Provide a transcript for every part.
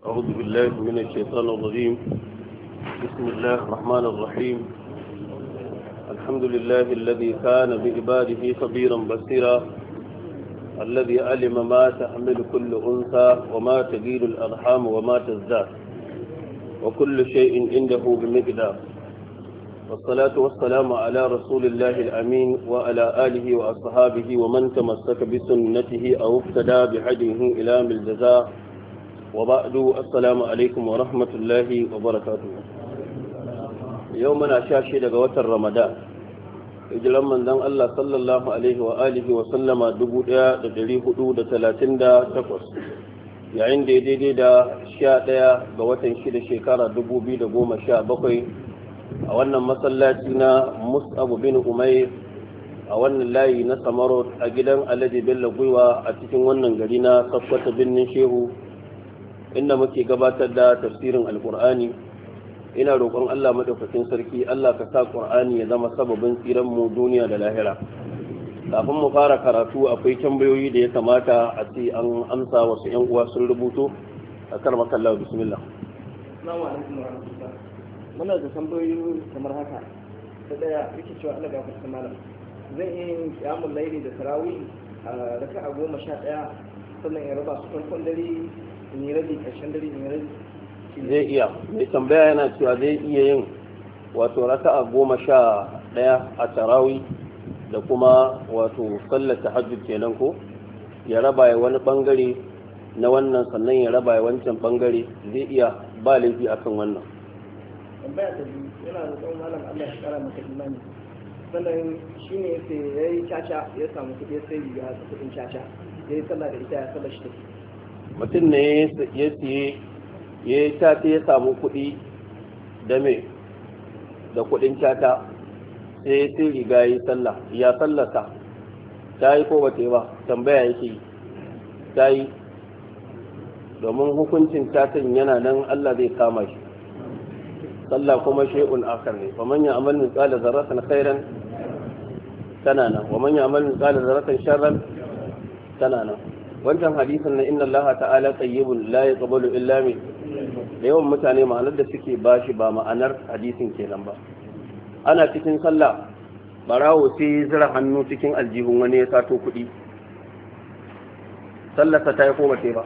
أعوذ بالله من الشيطان الرجيم بسم الله الرحمن الرحيم الحمد لله الذي كان بإباده خبيرا بصيرا الذي علم ما تحمل كل أنثى وما تجيل الأرحام وما تزداد وكل شيء عنده بمقدار والصلاة والسلام على رسول الله الأمين وعلى آله وأصحابه ومن تمسك بسنته أو افتدى بحجه إلى الجزاء وبعد السلام عليكم ورحمة الله وبركاته يومنا شاشي لغوة الرمضان hijiran manzon Allah sallallahu alaihi wa alihi wa sallama 1438 yayin da ya daidai da 11 ga watan 6 shekara 2017 a wannan masallaci na Mus'ab bin Umair a wannan layi na Samarot a gidan alade Bello Gwiwa a cikin wannan gari na Sokoto birnin Shehu inda muke gabatar da tafsirin alkur'ani ina roƙon Allah madaukakin sarki Allah ka sa Qur'ani ya zama sababin tsiran mu duniya da lahira kafin mu fara karatu akwai tambayoyi da ya kamata a ce an amsa wasu yan uwa sun rubuto a kar makallahu bismillah assalamu alaikum warahmatullahi muna da tambayoyi kamar haka ta daya yake cewa Allah gafarta malam zan yi kiyamul laili da tarawih a raka'a goma sha ɗaya sannan in raba su farkon dare in yi rabi ƙarshen dare in yi rabi zai iya mai tambaya yana cewa zai iya yin wato raka'a goma sha ɗaya a tarawi da kuma wato sallar tahajjud kenan ko ya raba ya wani bangare na wannan sannan ya raba ya wancan bangare zai iya ba laifi akan wannan tambaya ta biyu yana da tsawon malam Allah ya kara maka imani sannan shi ne ya yi caca ya samu kuɗi ya sai riga kuɗin caca ya yi sallah da ita ya sallar shi mutum ne ya siye ya yi cata ya samu kuɗi da me da kuɗin cata sai ya sai riga ya yi sallah ya sallata ta yi ko bata yi ba tambaya yake yi ta yi domin hukuncin catan yana nan Allah zai kama shi sallah kuma shay'un akar ne fa man ya'mal mithqala dharratin khairan tana nan wa amal ya'mal mithqala dharratin sharran tana nan wancan hadisin na inna Allah ta'ala tayyibun la yaqbalu illa min da yawan mutane ma'anar da suke bashi ba ma'anar hadisin kenan ba ana cikin sallah barawo sai zira hannu cikin aljihun wani ya sato kuɗi sallarsa ta yi koma sai ba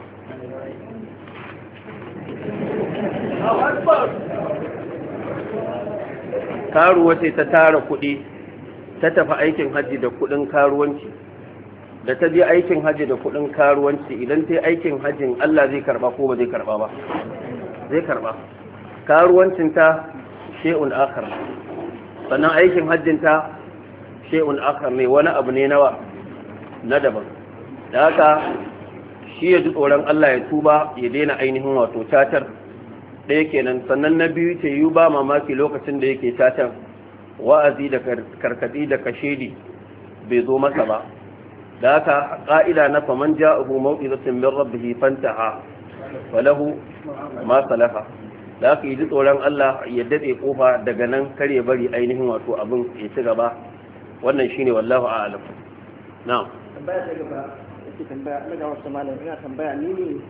karuwa ce ta tara kuɗi ta tafi aikin hajji da kuɗin karuwanci da ta je aikin haji da kuɗin karuwanci idan ta yi aikin hajin Allah zai karba ko ba zai karba ba zai karba karuwancin ta she'un akhar sannan aikin hajjin ta she'un akhar ne wani abu ne nawa na daban da haka shi ya ji tsoron Allah ya tuba ya daina ainihin wato tatar ɗaya kenan sannan na biyu ta yi ba mamaki lokacin da yake tatar wa'azi da karkatsi da kashedi bai zo masa ba da haka ƙa'ida na faman ja'ahu mau'izatun min rabbih ha falahu ma salaha da haka yi tsoron Allah ya daɗe ƙofa daga nan kare bari ainihin wato abin ya ci wannan shine tambaya ne ban yi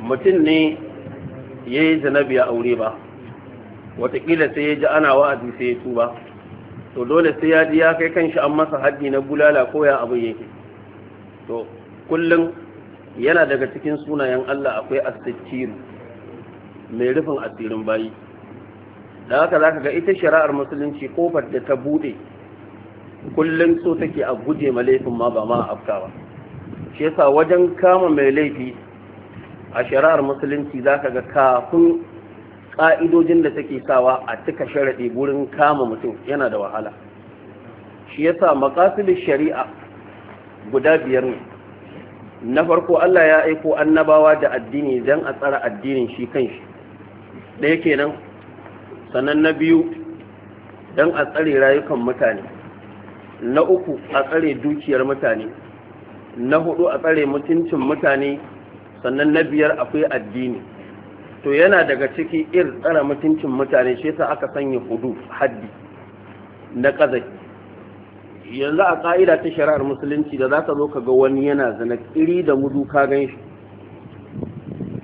mutum ne ya yi zanabi a aure ba watakila sai ya ji ana wa'azi sai ya tuba to dole sai ya ji ya kai kan kanshi an masa haddi na bulala ko ya abin yake to kullum yana daga cikin sunayen Allah akwai astikiru mai rufin asirin bayi da haka za ka ga ita shari'ar musulunci kofar da ta buɗe kullum so take a guje ma laifin ma ba ma a afka ba shi wajen kama mai laifi a shari'ar musulunci za ka ga kafin ƙa'idojin da take sawa a cika sharaɗi gurin kama mutum yana da wahala shi yasa maqasidin shari'a guda biyar ne na farko Allah ya aiko annabawa da addini don a tsara addinin shi kanshi ɗaya kenan sannan na biyu don a tsare rayukan mutane na uku a tsare dukiyar mutane na hudu a tsare mutuncin mutane sannan na biyar akwai addini to yana daga ciki ir tsara mutuncin mutane shi yasa aka sanya hudu haddi na kazai yanzu a ka'ida ta shari'ar musulunci da za ka zo ka ga wani yana zina iri da mudu ka gan shi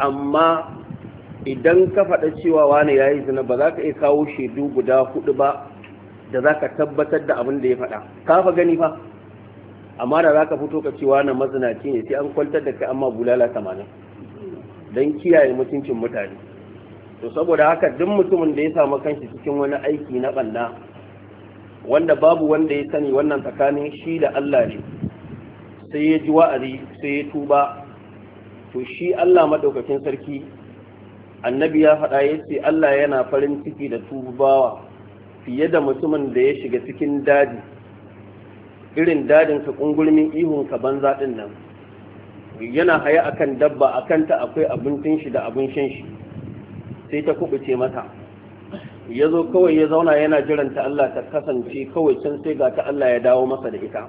amma idan ka faɗa cewa wani ya yi zina ba za ka iya kawo shaidu guda hudu ba da za ka tabbatar da abin da ya faɗa ka fa gani fa amma da za ka fito ka cewa na mazinaci ne sai an kwantar da kai amma bulala tamanin don kiyaye mutuncin mutane to saboda haka duk mutumin da ya samu kanshi cikin wani aiki na banda wanda babu wanda ya sani wannan tsakanin shi da Allah ne sai ya ji wa'azi sai ya tuba to shi Allah madaukakin sarki annabi ya faɗa ya ce Allah yana farin ciki da tubawa fiye da mutumin da ya shiga cikin daji irin dadin dadinka ihun ka banza din nan yana haya akan dabba akan ta akwai abincin shi da abin shan shi sai ta kubuce mata yazo kawai ya zauna yana jiran ta Allah ta kasance kawai can sai ga ta Allah ya dawo masa da ita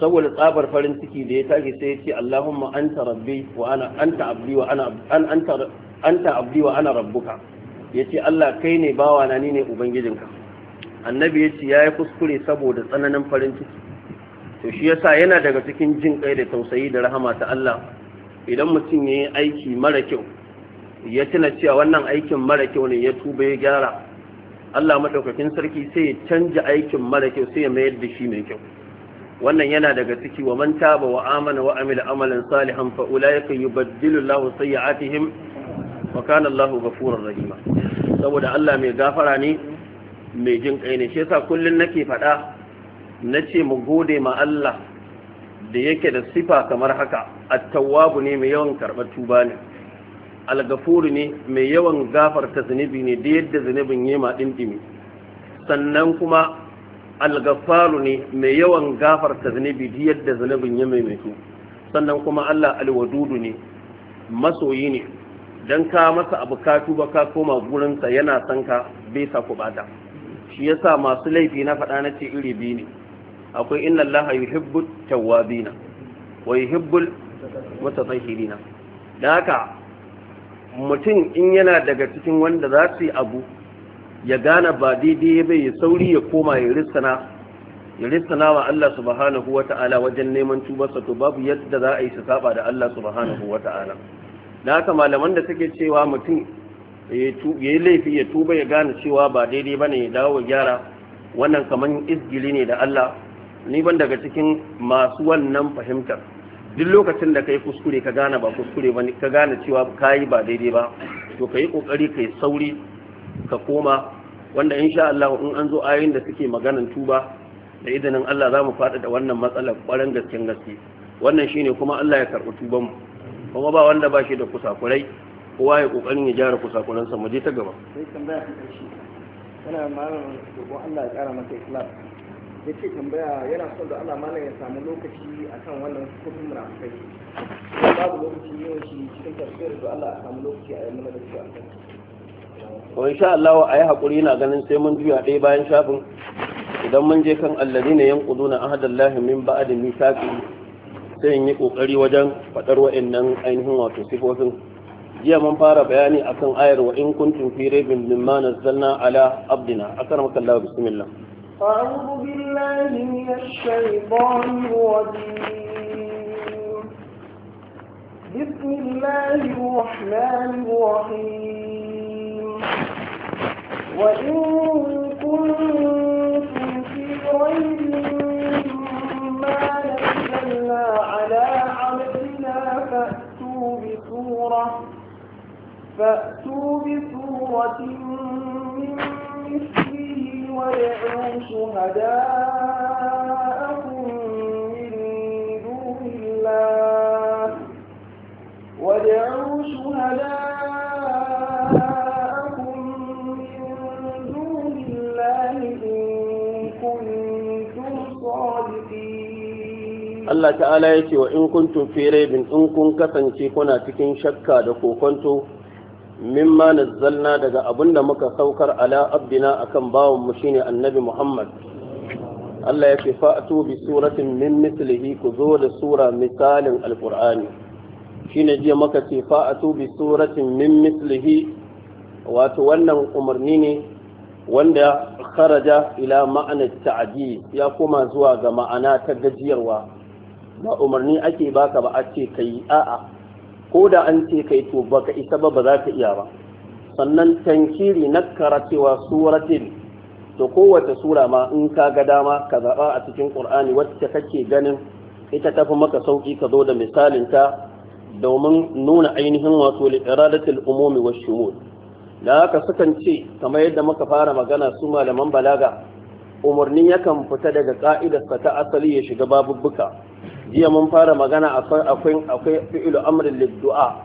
saboda tsabar farin ciki da ya tashi sai ya ce Allahumma anta rabbi wa ana anta abdi wa ana an anta anta abdi wa ana rabbuka yace Allah kai ne bawa na ni ne ubangijinka annabi yace yayi kuskure saboda tsananin farin ciki to shi yasa yana daga cikin jin kai da tausayi da rahama ta Allah idan mutum yayi aiki mara kyau ya tuna cewa wannan aikin mara kyau ne ya tuba ya gyara Allah madaukakin sarki sai ya canja aikin mara kyau sai ya mayar da shi mai kyau wannan yana daga ciki wa man taba wa amana wa amila amalan salihan fa ulaika yubaddilu Allahu ya wa kana Allahu ghafurur rahima saboda Allah mai gafara ne mai jin kai ne shi yasa kullun nake faɗa na ce mu gode ma Allah da yake da sifa kamar haka attawabu ne mai yawan karɓar tuba ne algafuru ne mai yawan gafarta zunubi ne da yadda zunubin yi ma ɗinɗimi sannan kuma algafaru ne mai yawan gafarta zunubi da yadda zunubin ya maimaitu sannan kuma Allah alwadudu ne masoyi ne don ka masa abu ka tuba ka koma gurinsa yana son ka bai sa kuɓata shi yasa masu laifi na faɗa na ce iri biyu ne akwai inna allaha yuhibbu tawwabina wa yuhibbul mutatahhirina dan haka mutum in yana daga cikin wanda za su yi abu ya gane ba daidai bai ya sauri ya koma ya risana ya wa Allah subhanahu ta'ala wajen neman tubarsa to babu yadda za a yi su saba da Allah subhanahu ta'ala dan haka malaman da suke cewa mutum ya yi laifi ya tuba ya gane cewa ba daidai bane ya dawo gyara wannan kamar izgili ne da Allah ni ban daga cikin masu wannan fahimtar duk lokacin da kai kuskure ka gane ba kuskure ba ka gane cewa kayi ba daidai ba to ka yi kokari ka yi sauri ka koma wanda insha Allah in an zo ayoyin da suke maganan tuba da idanin Allah za mu faɗi da wannan matsalar ƙwarar gasken gaske wannan shine kuma Allah ya karɓi tuban mu kuma ba wanda ba shi da kusakurai kowa ya kokarin ya jara kusakuransa mu je ta gaba sai tambaya ta karshe kana malamin Allah ya kara maka ikhlas ya ce tambaya yana son da Allah malam ya samu lokaci akan wannan kudin munafikai babu lokaci yawan shi cikin tafiyar da Allah a samu lokaci a yamma da shi akan to insha Allah a yi hakuri na ganin sai mun juya ɗaya bayan shafin idan mun je kan alladina yanquduna ahadallahi min ba'di mithaqi sai in yi kokari wajen fadar wa'annan ainihin wato sifofin jiya mun fara bayani akan ayar wa in kuntum fi raibin mimma nazzalna ala abdina akramaka Allah bismillah أعوذ بالله من الشيطان الرجيم بسم الله الرحمن الرحيم وإن كنتم في ريب مما نزلنا على عبدنا فأتوا بسورة فأتوا بسورة من مثله ويعلم شهداءكم من دون الله ودعوا شهداء Allah ta'ala ya ce wa in kuntum fi raibin in kun kasance kuna cikin shakka da kokonto mimma nazzalna daga abin da muka saukar ala abdina akan bawan mu shine annabi Muhammad Allah ya ce fa'atu bi suratin min ku zo da sura misalin Shi shine jiya muka ce fa'atu suratin min mislihi wato wannan umarni ne wanda kharaja ila ma'ana ta'adi ya koma zuwa ga ma'ana ta gajiyarwa ba umarni ake baka ba a ce kai a'a ko da an ce kai to baka isa ba ba za ka iya ba sannan tankiri na karatewa suratin to kowace sura ma in ka ga dama ka zaɓa a cikin ƙur'ani wacce kake ganin ita tafi maka sauki ka zo da misalin ta domin nuna ainihin wato liradatul umumi wa shumul da haka sukan ce kamar yadda muka fara magana su malaman balaga umarni yakan fita daga ƙa'idarsa ta asali ya shiga babubbuka jiya mun fara magana akwai akwai akwai fi'lu amrin lid-du'a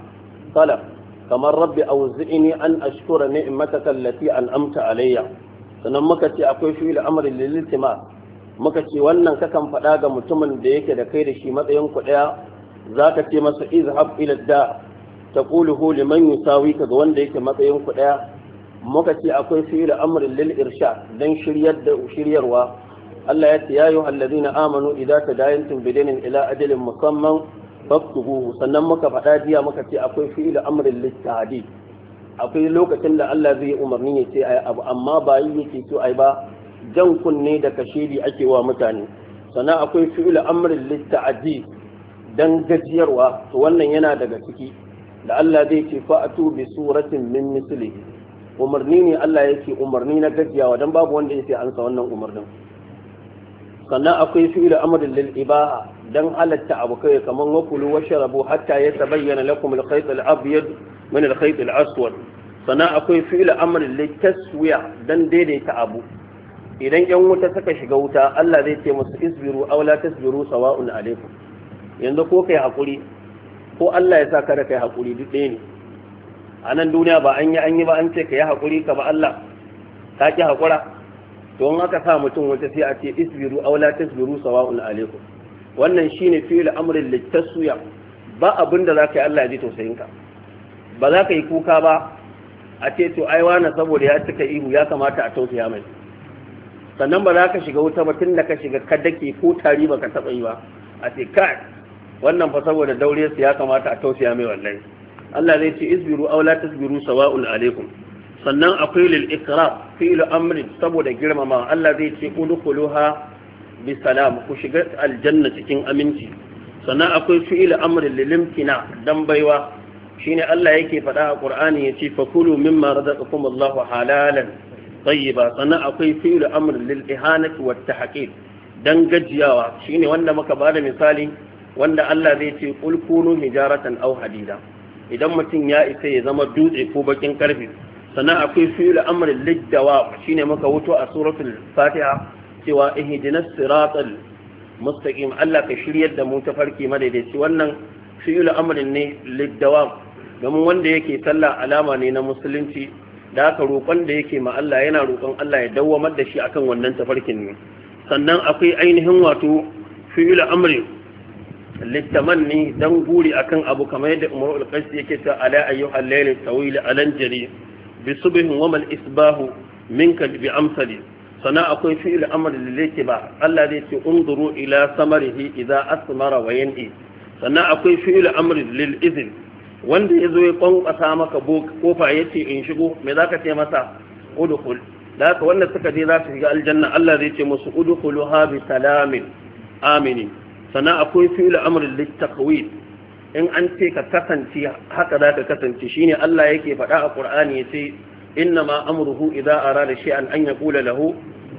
kamar rabbi awzi'ni an ashkura ni'mataka allati an'amta alayya Sanan muka ce akwai fi'lu amrin lil muka ce wannan kakan faɗa ga mutumin da yake da kai da shi matsayin ku daya zaka ce masa izhab ila da taquluhu liman yusawika ga wanda yake matsayin ku daya muka ce akwai fi'lu amrin lil dan shiryar da shiryarwa Allah ya ce ya yi na amanu idan ta dayantum bidinin ila ajalin musamman faktuhu sannan muka faɗa jiya muka ce akwai fi'il amrin littahdi akwai lokacin da Allah zai umarni ya ce ai abu amma ba yi yake so ai ba jan kunne da kashiri ake wa mutane sannan akwai fi'il amrin littahdi dan gajiyarwa to wannan yana daga ciki da Allah zai ce fa'atu bi suratin min mislihi umarni ne Allah yake umarni na gajiyawa dan babu wanda yake ansa wannan umarnin sannan akwai fi'ilu amrin lil ibaha dan halatta abu kai kaman wakulu sharabu hatta yatabayyana lakum al khayt al abyad min al khayt al aswad sannan akwai fi'ilu amrin lil taswiya dan daidaita abu idan yan wuta suka shiga wuta Allah zai ce musu isbiru aw la tasbiru sawa'un alaykum yanzu ko kai hakuri ko Allah ya sa ka da kai hakuri duk ɗaya ne a nan duniya ba an yi an yi ba an ce ka yi hakuri ka ba Allah ka ki hakura don haka sa mutum wata sai a ce isbiru aw la tasbiru sawa'un alaikum wannan shine fi'il amrin littasuya ba abin da zaka yi Allah ya ji tausayin ka ba za ka yi kuka ba a ce to ai wani saboda ya cika ihu ya kamata a tausaya mai sannan ba za ka shiga wuta ba tun da ka shiga ka dake ko tari ba ka taɓa yi ba a ce kai wannan fa saboda daure su ya kamata a tausaya mai wallahi Allah zai ce isbiru aw la tasbiru sawa'un alaikum sannan akwai lil ikram fi'lu amrin saboda girmama Allah zai ce udkhuluha bi salam ku shiga aljanna cikin aminci sannan akwai fi'lu amrin lil dan baiwa shine Allah yake faɗa a Qur'ani yace fakulu mimma razaqakum Allahu halalan tayyiba sannan akwai fi'lu amrin lil wat tahqir dan gajiyawa shine wanda muka bada misali wanda Allah zai ce kul kunu hijaratan aw hadida idan mutum ya isa ya zama dutse ko bakin karfe sannan akwai fi'il amrin liddawa shine muka wuto a suratul fatiha cewa ihdinas siratal mustaqim Allah ka shiryar da mu ta farki madaidaici wannan fi'il amrin ne liddawa domin wanda yake sallah alama ne na musulunci da haka roƙon da yake ma Allah yana roƙon Allah ya dawwamar da shi akan wannan tafarkin ne sannan akwai ainihin wato fi'il amri littamanni dan guri akan abu kamar yadda Umar al yake ta ala ayyuhal layl tawil alan jari bi subhin wa mal isbahu minka bi amsali sana akwai fi'il amr lillaki ba Allah zai ce unzuru ila samarihi idza asmara wa yan'i sannan akwai fi'il amr lil izn wanda yazo ya kwankwasa maka kofa yace in shigo me zaka ce masa udkhul da haka wanda suka je za su shiga aljanna Allah zai ce musu udkhuluha bi salamin amini sannan akwai fi'il amr lit taqwid in an ce ka kasance haka za ka kasance shine Allah yake faɗa a ƙur'ani ya ce inna ma amruhu idza arada shay'an an kula lahu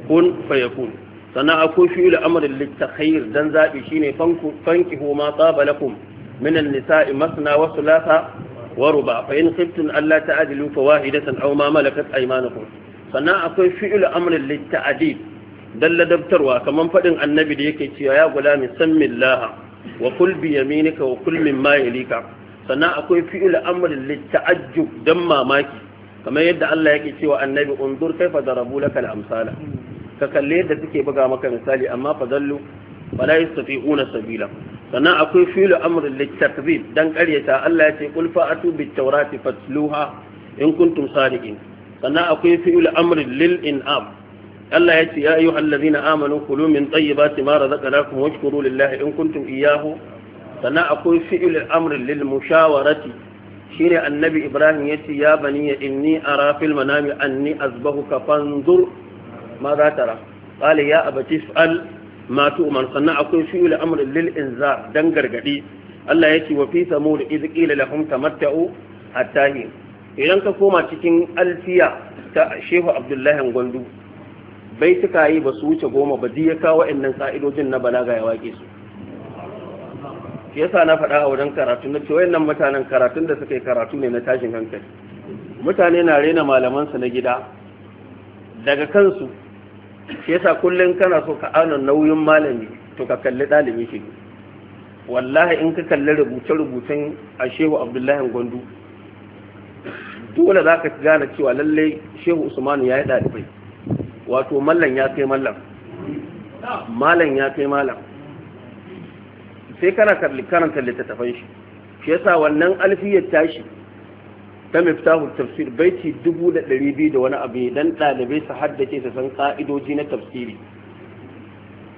kun fayakun sannan akwai fi'il amrin litakhayyir dan zabi shine fanku fankihu ma tsaba lakum min an masna wa thulatha wa ruba fa in khiftum alla ta'dilu fawahidatan aw ma malakat aymanukum sannan akwai fi'il amrin litta'dib dan ladabtarwa kamar faɗin annabi da yake cewa ya sammin laha. wa kul bi yaminika wa kul mimma yalika sannan akwai fi'il amrin litta'ajjub dan mamaki kamar yadda Allah yake cewa annabi unzur kaifa darabu laka al-amsala ka kalle yadda suke buga maka misali amma fa dallu fala yastati'una sabila sannan akwai fi'il amrin litakzib dan ƙaryata Allah ya ce qul fa'atu bit-taurati fatluha in kuntum sadiqin sannan akwai fi'il amrin lil in'am Allah ya ce ya ayyuha allazina amanu kulu min tayyibati ma razaqnakum washkuru lillahi in kuntum iyyahu sannan akwai fi'il al-amr lil mushawarati shine annabi Ibrahim ya ce ya bani ya inni ara fil manami anni azbahuka fanzur ma za tara qala ya abati fa'al ma tu'man sannan akwai fi'il al-amr lil inzar dan gargadi Allah ya ce wa fi samud idh qila lahum tamatta'u hatta hin idan ka koma cikin alfiya ta Shehu Abdullahi Gwandu Bai suka yi ba su wuce goma ba ya kawo wa'annan sa'idojin na balaga ya wake su shi yasa na faɗa a wajen karatu na cewa wayannan mutanen karatun da suka yi karatu ne na tashin hankali mutane na rena malamansu na gida daga kansu shi yasa kullum kana so ka ana nauyin malami to ka kalli ɗalibi shi wallahi in ka kalli rubuce-rubucen a shehu abdullahi gwandu dole za ka gane cewa lallai shehu usmanu ya yi ɗalibai wato mallan ya kai mallan malan ya kai malam sai kana karanta littattafan shi shi yasa wannan alfiyar tashi ta miftahu tafsir baiti dubu da ɗari biyu da wani abu dan ɗalibai su haddace su san ƙa'idoji na tafsiri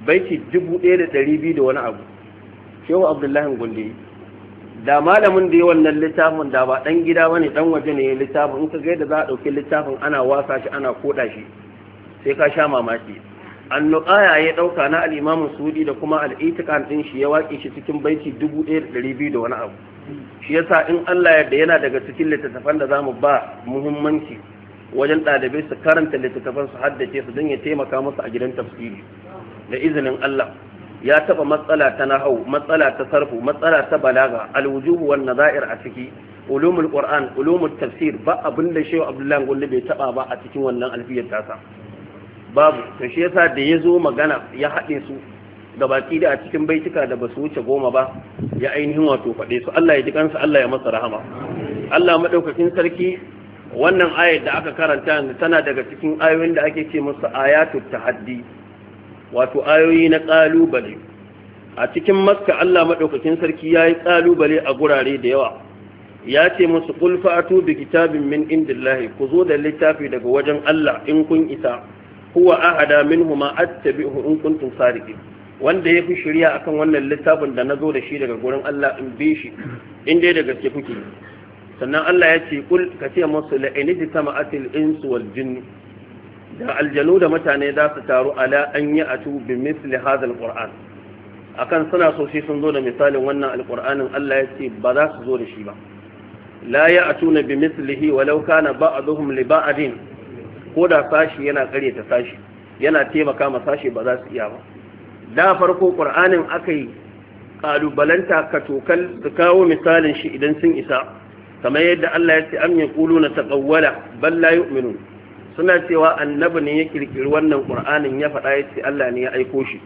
baiti dubu ɗaya da ɗari biyu da wani abu shehu abdullahi gulli da malamin da ya wannan littafin da ba ɗan gida ba ne ɗan waje ne littafin in ka ga yadda za a ɗauki littafin ana wasa shi ana koɗa shi sai ka sha mamaki annuqaya ya dauka na al-Imam Sudi da kuma al-Itiqan din shi ya waki shi cikin baiti 1200 da wani abu shi yasa in Allah yadda yana daga cikin littattafan da zamu ba muhimmanci wajen ɗalibai su karanta littattafan su haddace su don ya taimaka musu a gidan tafsiri da izinin Allah ya taba matsala ta nahau matsala ta sarfu matsala ta balaga alwujuhu wan nazair a ciki ulumul qur'an ulumul tafsir ba abin da shehu abdullahi gulli bai taba ba a cikin wannan alfiyar tasa babu to shi yasa da ya zo magana ya haɗe su da baki da a cikin baitika da basu wuce goma ba ya ainihin wato faɗe su Allah ya ji kansa Allah ya masa rahama Allah madaukakin sarki wannan ayat da aka karanta yanzu tana daga cikin ayoyin da ake ce musu ayatu tahaddi wato ayoyi na kalubale a cikin makka Allah madaukakin sarki yayi kalubale a gurare da yawa ya ce musu qul fa'atu bi kitabin min indillahi ku zo da littafi daga wajen Allah in kun isa huwa ahada minhuma attabi'uhu in kuntum sadiqin wanda yafi shirya akan wannan littafin da nazo da shi daga gurin Allah in bi shi in dai da gaske kuke sannan Allah ya ce kul ka ce musu la in jama'atil insu wal jinn da aljanu da mutane za su taru ala an yi atu bi misli hadha alquran akan suna so shi sun zo da misalin wannan alqur'anin Allah ya ce ba za su zo da shi ba la ya atuna bi mislihi walau kana ba'dhum li ba'din ko da sashi yana kare ta sashi yana taimaka ma sashi ba za su iya ba da farko qur'anin aka yi kalubalanta ka tokal su kawo misalin shi idan sun isa kamar yadda Allah ya ce am yaquluna taqawwala bal la yu'minun suna cewa annabi ne ya kirkiri wannan qur'anin ya faɗa ya ce Allah ne ya aiko shi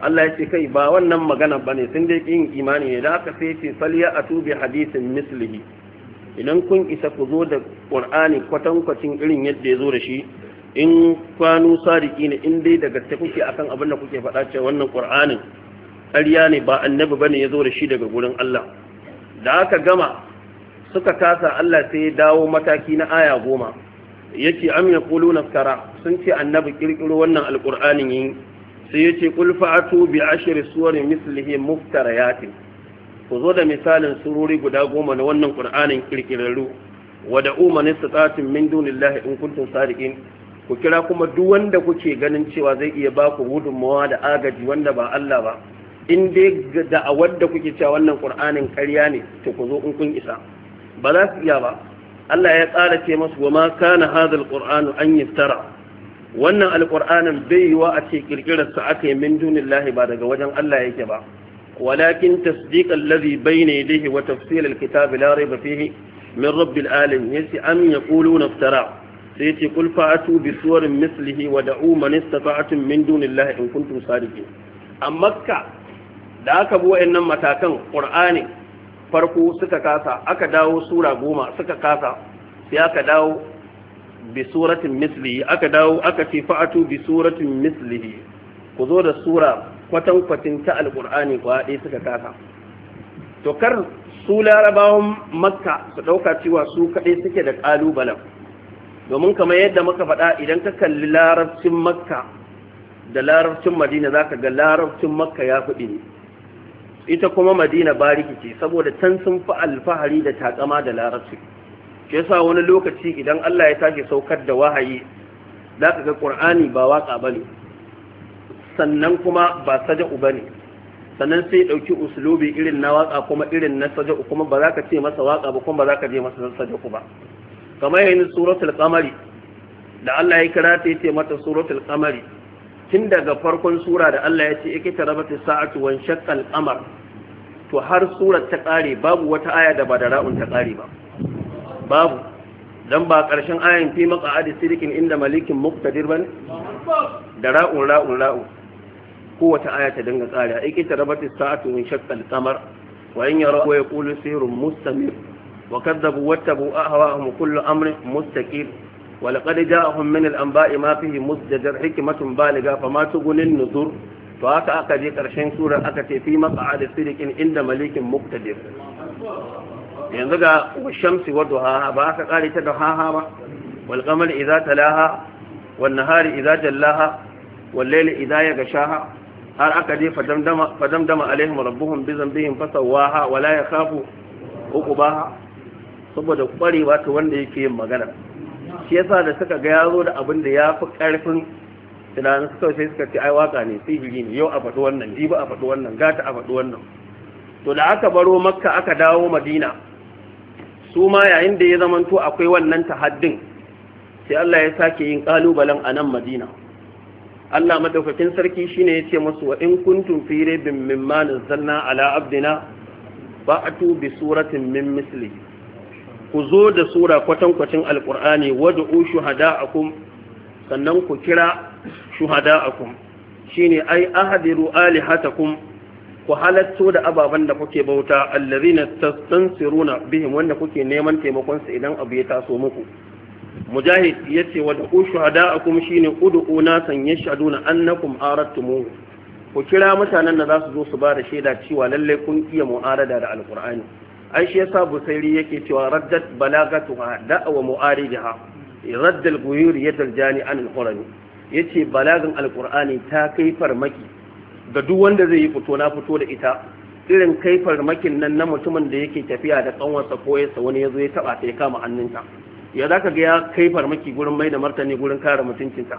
Allah ya ce kai ba wannan magana bane sun dai kin imani ne da aka sai ce fal ya atubi hadithin mislihi idan kun isa ku zo da qur'ani kwatankwacin irin yadda ya zo da shi in kwanu sadiki ne in dai daga ta kuke akan abin da kuke faɗa cewa wannan qur'anin ƙarya ne ba annabi bane ya zo da shi daga gurin Allah da aka gama suka kasa Allah sai ya dawo mataki na aya goma yace am yaquluna kara sun ce annabi kirkiro wannan Alƙur'anin yin sai yace qul fa'atu bi ashri suwarin mislihi muftariyatin ku zo da misalin sururi guda goma na wannan ƙur'anin ƙirƙirarru, wa da su tsatin min dunillahi in kuntum sadiqin ku kira kuma duk wanda kuke ganin cewa zai iya ba ku gudunmawa da agaji wanda ba Allah ba in dai a da kuke cewa wannan ƙur'anin ƙarya ne to ku zo in kun isa ba za su iya ba Allah ya tsara ce masu wa ma kana hadal ƙur'anu an tara wannan alƙur'anin bai wa a ce ƙirƙirarsa aka yi min dunillahi ba daga wajen Allah yake ba ولكن تصديق الذي بين يديه وتفصيل الكتاب لا ريب فيه من رب العالمين يسي أم يقولون افترع سيتي قل فأتوا بسور مثله ودعوا من استطعتم من دون الله إن كنتم صادقين أما مكة da aka buwa nan matakan Kur'ani farko suka kasa aka dawo sura goma suka kasa sai aka dawo bi suratin mislihi aka dawo aka ce fa'atu bi suratin mislihi ku zo da sura kwatankwacin ta alƙur'ani haɗe suka kasa to kar su larabawan makka su ɗauka cewa su kaɗai suke da ƙalubalen domin kamar yadda muka faɗa idan ka kalli larabcin makka da larabcin madina za ka ga larabcin makka ya fi ne ita kuma madina bariki ce saboda can sun fi alfahari da takama da larabci ke sa wani lokaci idan allah ya tashi saukar da wahayi za ka ga ƙur'ani ba waƙa ba ne sannan kuma ba saja'u ba ne, sannan sai dauki uslubi irin na watsa kuma irin na saja'u kuma ba za ka ce masa waka ba kuma ba za ka je masa saja'u ba kamar yayin suratul qamari da Allah ya kira ta yace mata suratul qamari tun daga farkon sura da Allah ya ce yake tarabata sa'atu wan shaqqal qamar to har surar ta kare babu wata aya da ba da ra'un ta kare ba babu dan ba karshen ayan fi maqa'adi sirikin inda malikin muqtadir ban da ra'un ra'un ra'un kowace aya ta dinga tsari a ikita rabatis sa'atu min shaqqal qamar wa in yara wa yaqulu sirrun mustamir wa kadzabu wattabu ahwa'ahum kullu amrin mustaqim wa laqad ja'ahum min al-anba'i ma fihi muzdajar hikmatun baligha fama tughnin nuzur to haka aka je karshen surar aka ce fi maq'adi sidiqin inda malikin muqtadir yanzu ga shamsi wa duhaha ba aka kare ta duhaha ba wal qamari idza talaha wan nahari idza jallaha wal layli idza yaghshaha har aka je fadamdama alaihim rabbuhum bi zambihim fasawaha wala yakhafu uqbaha saboda kwarewa ta wanda yake yin magana shi yasa da suka ga yazo da abin da yafi karfin tunanin suka sai suka ce ai waka ne sihiri ne yau a faɗi wannan jibi a faɗi wannan gata a faɗi wannan to da aka baro makka aka dawo madina su ma yayin da ya zamanto akwai wannan tahaddin sai Allah ya sake yin kalubalen a nan madina Allah madaukakin sarki shine ya ce musu wa in kuntum fi raibin mimma nazzalna ala abdina fa'atu bi suratin min misli ku zo da sura kwatin alqur'ani wad'u shuhada'akum sannan ku kira shuhada'akum shine ai ahdiru alihatakum ku halatto da ababen da kuke bauta allazina tastansiruna bihim wanda kuke neman taimakon su idan abu ya taso muku mujahid yace wa du'u shuhada'akum shine ud'u nasan na annakum aradtum ku kira mutanen da za su zo su ba da shaida cewa lalle kun iya mu'arada da alqur'ani ai shi yasa busairi yake cewa raddat balagatu da'wa mu'aridaha radd al-ghuyur jani an alqurani yace balagan alqur'ani ta kai farmaki ga duk wanda zai yi fito na fito da ita irin kai farmakin nan na mutumin da yake tafiya da kanwarsa ko yasa wani ya ya taba ta kama hannunta ya za ka ga kai farmaki gurin mai da martani gurin kare mutuncinsa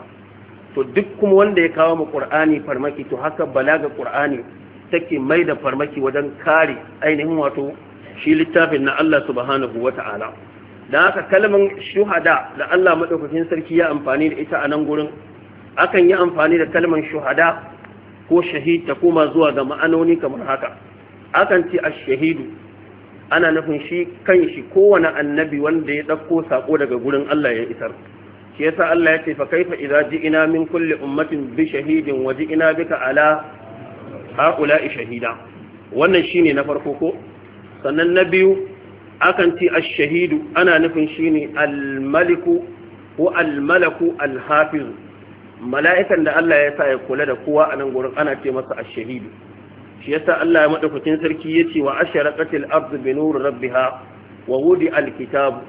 to duk kuma wanda ya kawo mu qur'ani farmaki to haka balaga qur'ani take mai da farmaki wajen kare ainihin wato shi littafin na Allah subhanahu wata'ala dan haka kalman shuhada da Allah madaukakin sarki ya amfani da ita a nan gurin akan yi amfani da kalmar shuhada ko shahid ta koma zuwa ga ma'anoni kamar haka akan ce ash-shahidu ana nufin shi kan shi kowane annabi wanda ya ɗauko saƙo daga gurin Allah ya isar shi yasa Allah ya ce fa kaifa idza ji'ina min kulli ummatin bi shahidin wa ji'ina bika ala haula'i shahida wannan shine na farko ko sannan na biyu akan ci ash-shahidu ana nufin shine al-maliku ko al-malaku al-hafiz mala'ikan da Allah ya sa ya kula da kowa a nan gurin ana ce masa ash-shahidu shi yasa Allah ya madaukakin sarki yace wa asharaqatil ardu bi nur rabbiha wa wudi alkitab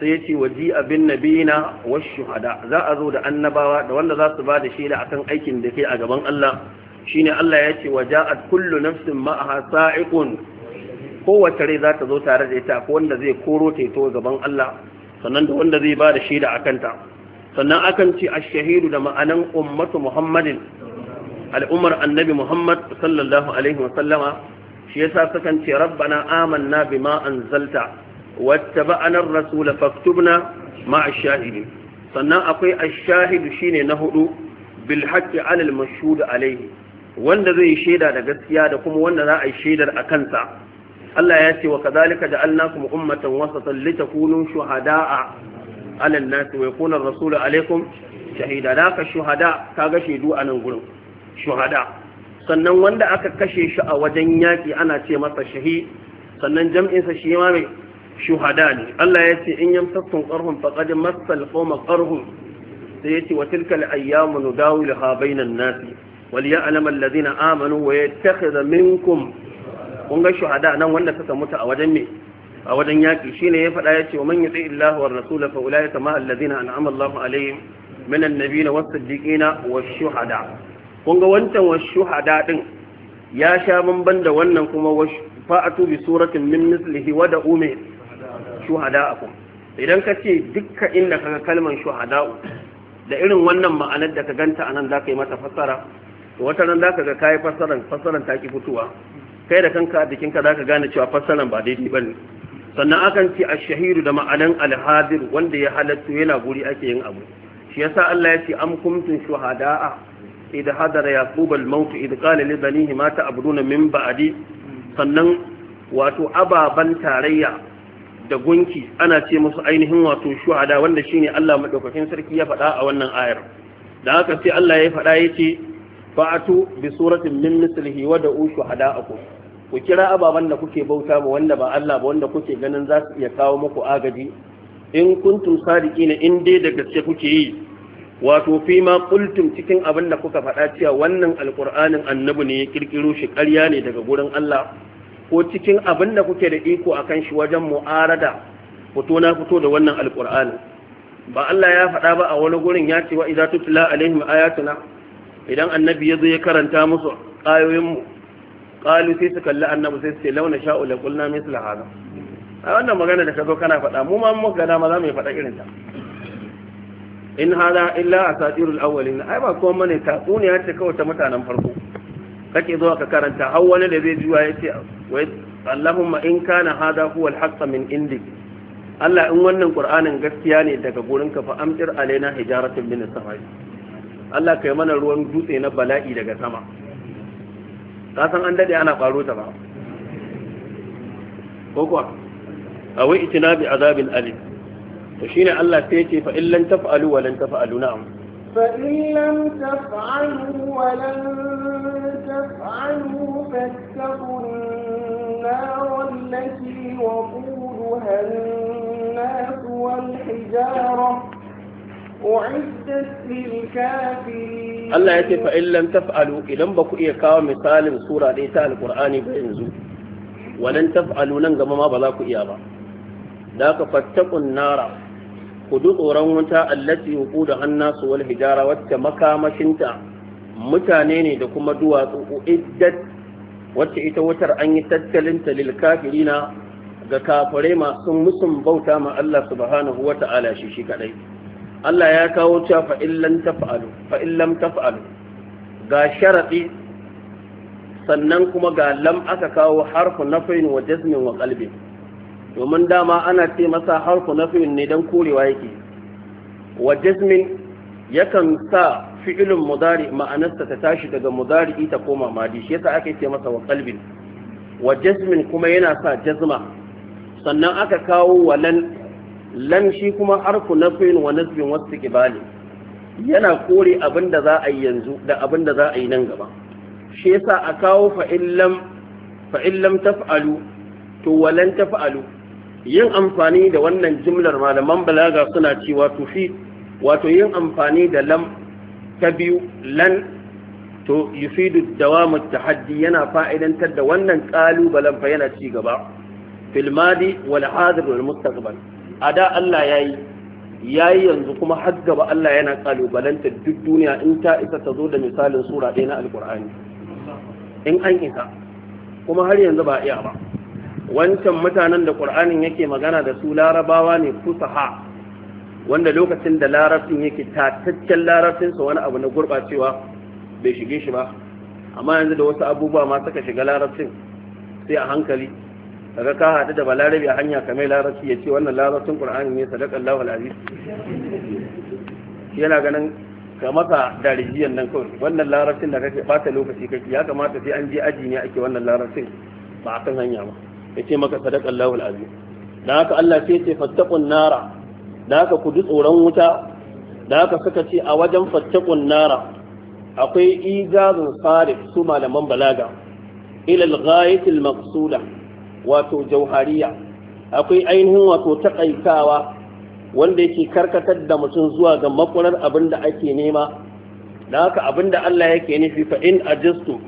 sai yace wa ji abin nabiyina wash shuhada za a zo da annabawa da wanda za su ba da shaida akan aikin da kai a gaban Allah shine Allah yace wa ja'at kullu nafsin ma'aha sa'iqun kowace rai za ta zo tare da ita ko wanda zai koro ta to gaban Allah sannan da wanda zai ba da shaida akan ta sannan akan ce ash-shahidu da ma'anan ummatu muhammadin al'ummar annabi Muhammad sallallahu alaihi wa sallama shi yasa sukan ce rabbana amanna bima anzalta wattaba'ana ar-rasul faktubna ma'a sannan akwai ashahidu shahid shine na hudu bil haqqi 'ala al-mashhud alaihi wanda zai shaida da gaskiya da kuma wanda za a yi shaidar a kansa Allah ya ce wa Kazalika da ummatan wasatan litakunu shuhada'a 'ala an-nas wa yakuna rasulu 'alaykum shahida da ka shuhada kaga shaidu a nan gurin shuhada sannan wanda aka kashe shi a wajen yaƙi ana ce masa shahi sannan jam'insa shi ma mai shuhada ne Allah ya ce in yamsakkun qarhum faqad massal qawma qarhum sai yace wa tilka al ayyamu nudawilha bainan nas wal ya'lam alladhina amanu wa yattakhidha minkum kun ga shuhada nan wanda suka mutu a wajen me a wajen yaki shine ya faɗa yace wa man yuti Allah wa rasula fa ulaika ma alladhina an'ama Allahu alaihim min nabiyina was-siddiqina wash-shuhada kun ga wancan washu shuhada din ya sha bamban da wannan kuma fa'atu bi suratin min mislihi wa da ume shuhada'akum idan ka ce dukkan inda kaga kalman shuhada'u da irin wannan ma'anar da ka ganta anan zaka yi mata fassara to wata nan zaka ga kai fassaran fassaran ta ki fituwa kai da kanka a jikinka zaka gane cewa fassaran ba daidai bane sannan akan ce ash-shahidu da ma'anan al-hadir wanda ya halattu yana guri ake yin abu shi yasa Allah ya ce am kuntum shuhada'a إذا حضر يعقوب الموت إذ قال لبنيه ما تعبدون من بعدي sannan wato ababen tarayya da gunki ana ce musu ainihin wato shuhada wanda shine Allah madaukakin sarki ya faɗa a wannan ayar da haka sai Allah ya faɗa yace fa'atu bi suratin min mislihi wa da'u akum ku kira ababen da kuke bauta ba wanda ba Allah ba wanda kuke ganin za su iya kawo muku agaji in kuntum sadiqina in dai da gaske kuke yi wato fi ma kultum cikin abin da kuka faɗa cewa wannan alƙur'anin annabi ne ya kirkiro shi ƙarya ne daga gurin Allah ko cikin abin da kuke da iko akan shi wajen mu'arada fito na fito da wannan alƙur'anin ba Allah ya faɗa ba a wani gurin ya ce wa idza tutla alaihim ayatuna idan annabi ya zo ya karanta musu ayoyin mu qalu sai su kalli annabi sai su ce launa sha'u la qulna misla hada a wannan magana da ka zo kana faɗa mu ma mu gana ma za mu faɗa irin ta in hada illa asatirul awwalin ai ba kuma mane tatsuniya ce kawai ta mutanen farko kake zuwa ka karanta har wani da zai juwa ce wai Allahumma in kana hada huwa al min indik Allah in wannan Qur'anin gaskiya ne daga gurin ka fa amtir alaina hijaratun min samai Allah kai mana ruwan dutse na bala'i daga sama ka san an dade ana faro ta ba ko kuwa awai itinabi azabil alim to shine Allah فإن لم تفعلوا ولن تفعلوا نعم فإن لم تفعلوا ولن تفعلوا فاتقوا النار التي taf'alu وقودها الناس والحجارة أعدت للكافرين الله يأتي فإن لم تفعلوا إذا بكوا إيقاوا مثال سورة ليتا القرآن بينزو ولن تفعلوا ننجم ما بلاكوا إيابا ذاك فاتقوا النار ku tsoron wuta allati da hannasu wal hijara wacce makamashinta mutane ne da kuma duwatsu iddat wacce ita wutar an yi tattalin talil kafirina ga kafare masu musun bauta ma Allah subhanahu wa ta'ala shi shi kadai Allah ya kawo cewa fa illan taf'alu fa illam taf'alu ga sharadi sannan kuma ga lam aka kawo harfu nafain wa jazmin wa qalbin domin dama ana ce masa harfu fi'il ne don korewa yake wa jazmin yakan sa fi'ilin mudari ma'anarsa ta tashi daga mudari ita koma madi shi yasa aka ce masa wa kalbin wa jazmin kuma yana sa jazma sannan aka kawo wa lan lan shi kuma harfu fi'il wa nasbin wasu kibali yana kore abin da za a yi yanzu da abin da za a yi nan gaba shi yasa a kawo fa'il lam taf'alu to walan taf'alu yin amfani da wannan jimlar malaman balaga suna cewa wato yin amfani da lam ta biyu lan to yufidu dawamu tahaddi yana fa'idantar da wannan kalubalen fa yana ci gaba fil madi wal hadir wal mustaqbal ada Allah yayi yayi yanzu kuma har gaba Allah yana ƙalubalanta duk duniya in ta isa ta zo da misalin sura ɗaya na alqur'ani in an isa kuma har yanzu ba iya ba wancan mutanen da ƙur'anin yake magana da su larabawa ne fusaha wanda lokacin da larabcin yake tataccen larabcinsa wani abu na gurɓacewa bai shige shi ba amma yanzu da wasu abubuwa ma suka shiga larabcin sai a hankali daga ka haɗu da balarabi a hanya kamar larabci ya ce wannan larabcin ƙur'ani ne sadakan lawal aziz yana ganin ka masa darijiyan nan kawai wannan larabcin da kake ɓata lokaci kake ya kamata sai an je aji ne ake wannan larabcin ba a kan hanya ba ya ce maka sadakallahu alazim dan haka Allah sai ce fattaqun nara dan haka ku ji tsoron wuta dan haka suka ce a wajen fattaqun nara akwai ijazun sarif su malaman balaga ila al-ghayat maqsuda wato jauhariya akwai ainihin wato takaitawa wanda yake karkatar da mutum zuwa ga makwarar abin da ake nema da haka abin da Allah yake nufi fa in ajistu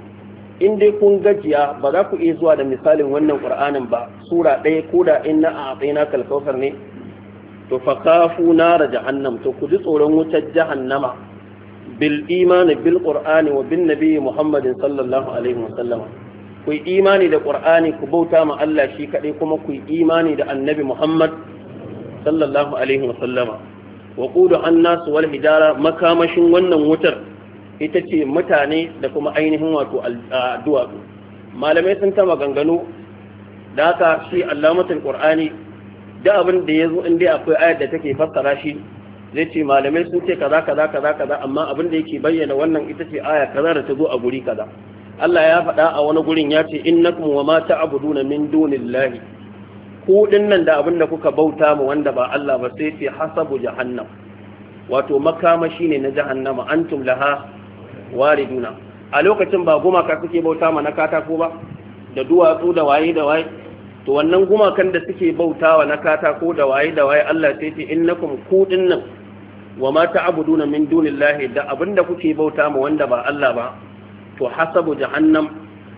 in dai kun gajiya ba za ku iya zuwa da misalin wannan Kur'anin ba sura ɗaya ko da in na a'tina kal kautsar ne to fa kafu nara jahannam to ku ji tsoron wutar jahannama bil imani bil qur'ani wa bin nabi muhammadin sallallahu alaihi wa ku yi imani da qur'ani ku bauta ma Allah shi kaɗai kuma ku yi imani da annabi muhammad sallallahu alaihi wa sallama wa qudu annas wal hijara makamashin wannan wutar ita ce mutane da kuma ainihin wato duwatsu malamai sun ta maganganu da haka shi allamatul qur'ani da abin da ya zo akwai ayar da take fassara shi zai ce malamai sun ce kaza kaza kaza kaza amma abin da yake bayyana wannan ita ce aya kaza da ta zo a guri kaza Allah ya faɗa a wani gurin ya ce innakum wa ma ta'buduna min dunillahi ku dinnan da abin da kuka bauta mu wanda ba Allah ba sai ce hasabu jahannam wato makama shine na jahannama antum laha wariduna a lokacin ba gumaka suke bauta ma na katako ba da duwatsu da waye da waye to wannan gumakan da suke bautawa na katako da waye da waye Allah sai ce innakum ku nan, wa ma ta'buduna min dunillahi da abinda kuke bauta ma wanda ba Allah ba to hasabu jahannam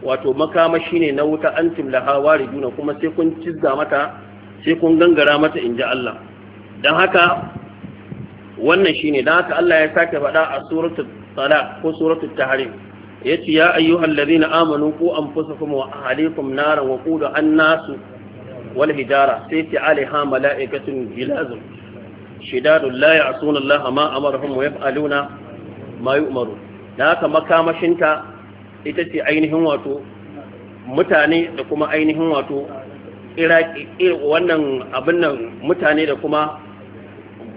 wato makamashi ne na wuta antum laha wariduna kuma sai kun cizza mata sai kun gangara mata inji Allah dan haka wannan shine dan haka Allah ya sake faɗa a suratul talaq ko suratul tahrim yace ya ayyuhal ladina amanu qu anfusakum wa ahlikum nara wa qudu an-nasu wal hijara sai ta alaiha mala'ikatun gilazun shidadun la ya'suna Allah ma amarahum wa yaf'aluna ma yu'maru da haka makamashinta ita ce ainihin wato mutane da kuma ainihin wato iraki wannan abin nan mutane da kuma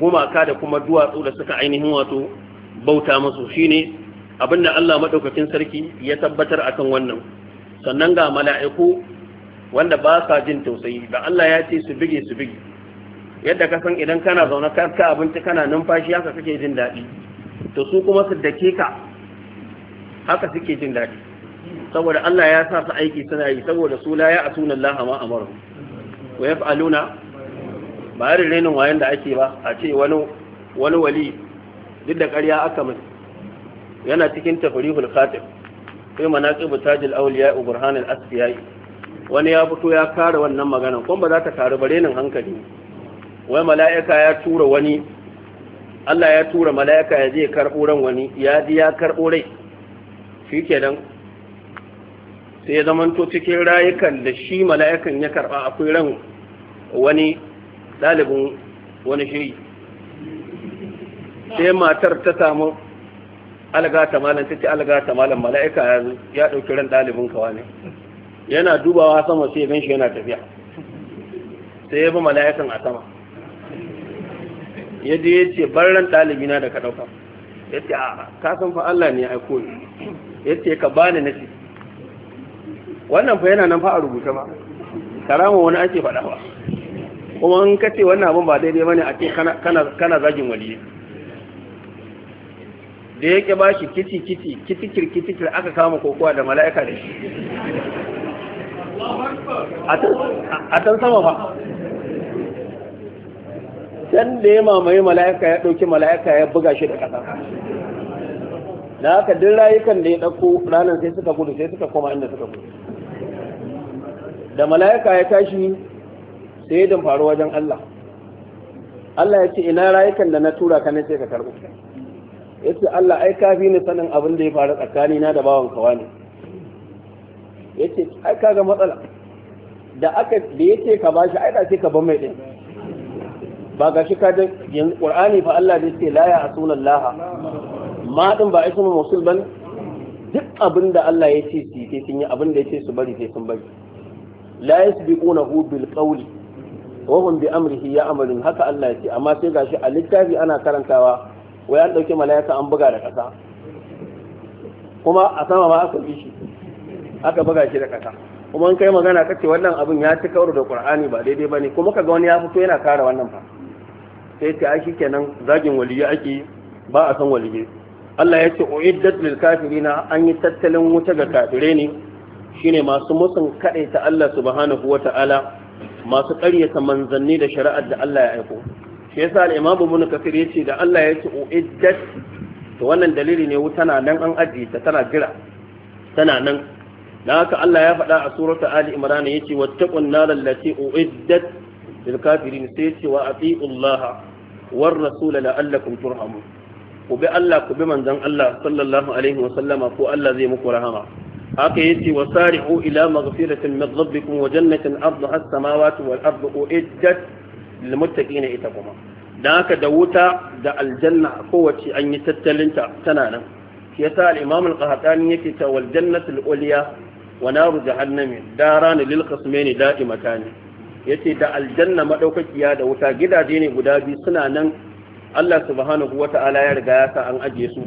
gumaka da kuma duwatsu da suka ainihin wato bauta masu shi ne abinda Allah maɗaukakin sarki ya tabbatar akan wannan sannan ga mala'iku wanda ba sa jin tausayi da Allah ya ce su bige su bige yadda ka san idan kana zaune ka abinci kana numfashi haka suke jin daɗi to su kuma su dake ka haka suke jin daɗi saboda Allah ya sa su aiki suna yi saboda su la ya asuna Allah ma amaru wa yaf'aluna ba irin renin wayan da ake ba a ce wani wali duk da ƙarya aka mai yana cikin tafrihul khatib sai manaqib tajil awliya wa burhan asfiyai wani ya fito ya kare wannan magana kuma ba za ta kare bare nan hankali wai mala'ika ya tura wani Allah ya tura mala'ika ya je karɓo ran wani ya ji ya karɓo rai ke shikenan sai ya zamanto cikin rayukan da shi mala'ikan ya karɓa akwai ran wani ɗalibin wani shiri sai matar ta samu alga ta malam ta ce alga ta malam mala'ika ya ɗauki ran ɗalibin kawa ne yana dubawa sama sai ya shi yana tafiya sai ya bi mala'ikan a sama ya je ya ce bar ran ɗalibina da ka ɗauka ya ce a kasan fa Allah ne ya aiko ni ya ce ka bani na wannan fa yana nan fa a rubuta ba karama wani ake faɗa ba kuma in ka ce wannan abin ba daidai bane a ce kana zagin waliyi da yake ba shi kiti kiti kiti kiti aka kama kokowa da mala'ika da shi a tan sama ba can da ya mamaye mala'ika ya ɗauki mala'ika ya buga shi da ƙasa Na haka duk rayukan da ya ɗauko ranar sai suka gudu sai suka koma inda suka gudu da mala'ika ya tashi sai ya faru wajen Allah Allah ya ce ina rayukan da na tura ka na ce ka karɓo yace Allah ai kafi ni sanin abin da ya faru tsakani na da bawan kawa ne yace ai kaga matsala da aka da yace ka bashi ai da sai ka ban mai din ba ga shi ka da Qur'ani fa Allah ya ce la ya asunallah ma din ba ismu musul ban duk abin da Allah ya ce su sun yi abin da ya ce su bari sai sun bari la yasbiqunahu bil qawli wa hum bi amrihi ya haka Allah ya ce amma sai gashi a littafi ana karantawa wai an ɗauki mala'ika an buga da ƙasa kuma a sama ma aka bi shi aka buga shi da ƙasa kuma an kai magana kace wannan abin ya ci kawar da Qur'ani ba daidai ba bane kuma kaga wani ya fito yana kare wannan fa sai ta ai kenan zagin waliyi ake ba a san waliyi Allah ya ce uiddat lil kafirina an yi tattalin wuta ga kafire ne shine masu musun kadaita Allah subhanahu wata'ala masu ƙaryata manzanni da shari'ar da Allah ya aiko shi yasa al-imamu ibn kafir yace da Allah ya ce uiddat to wannan dalili ne tana nan an ajiye ta tana jira tana nan dan haka Allah ya faɗa a surata ali imran yace wattaqun nar allati uiddat lil kafirin sai yace wa atiullaha war rasul la'allakum turhamun ku bi Allah ku bi manzon Allah sallallahu alaihi wa sallama ko Allah zai muku rahama haka yace wasari'u ila maghfiratin min rabbikum wa jannatin arduha as-samawati wal ardu uiddat lil muttaqina ita kuma da haka da wuta da aljanna kowace an yi ta tana nan shi yasa al-imam al-qahtani yake ta wal jannatul ulya wa naru jahannami darani lil qismaini daimatan yace da aljanna madaukakiya da wuta gidaje ne guda biyu suna nan Allah subhanahu wata'ala ya riga ya sa an aje su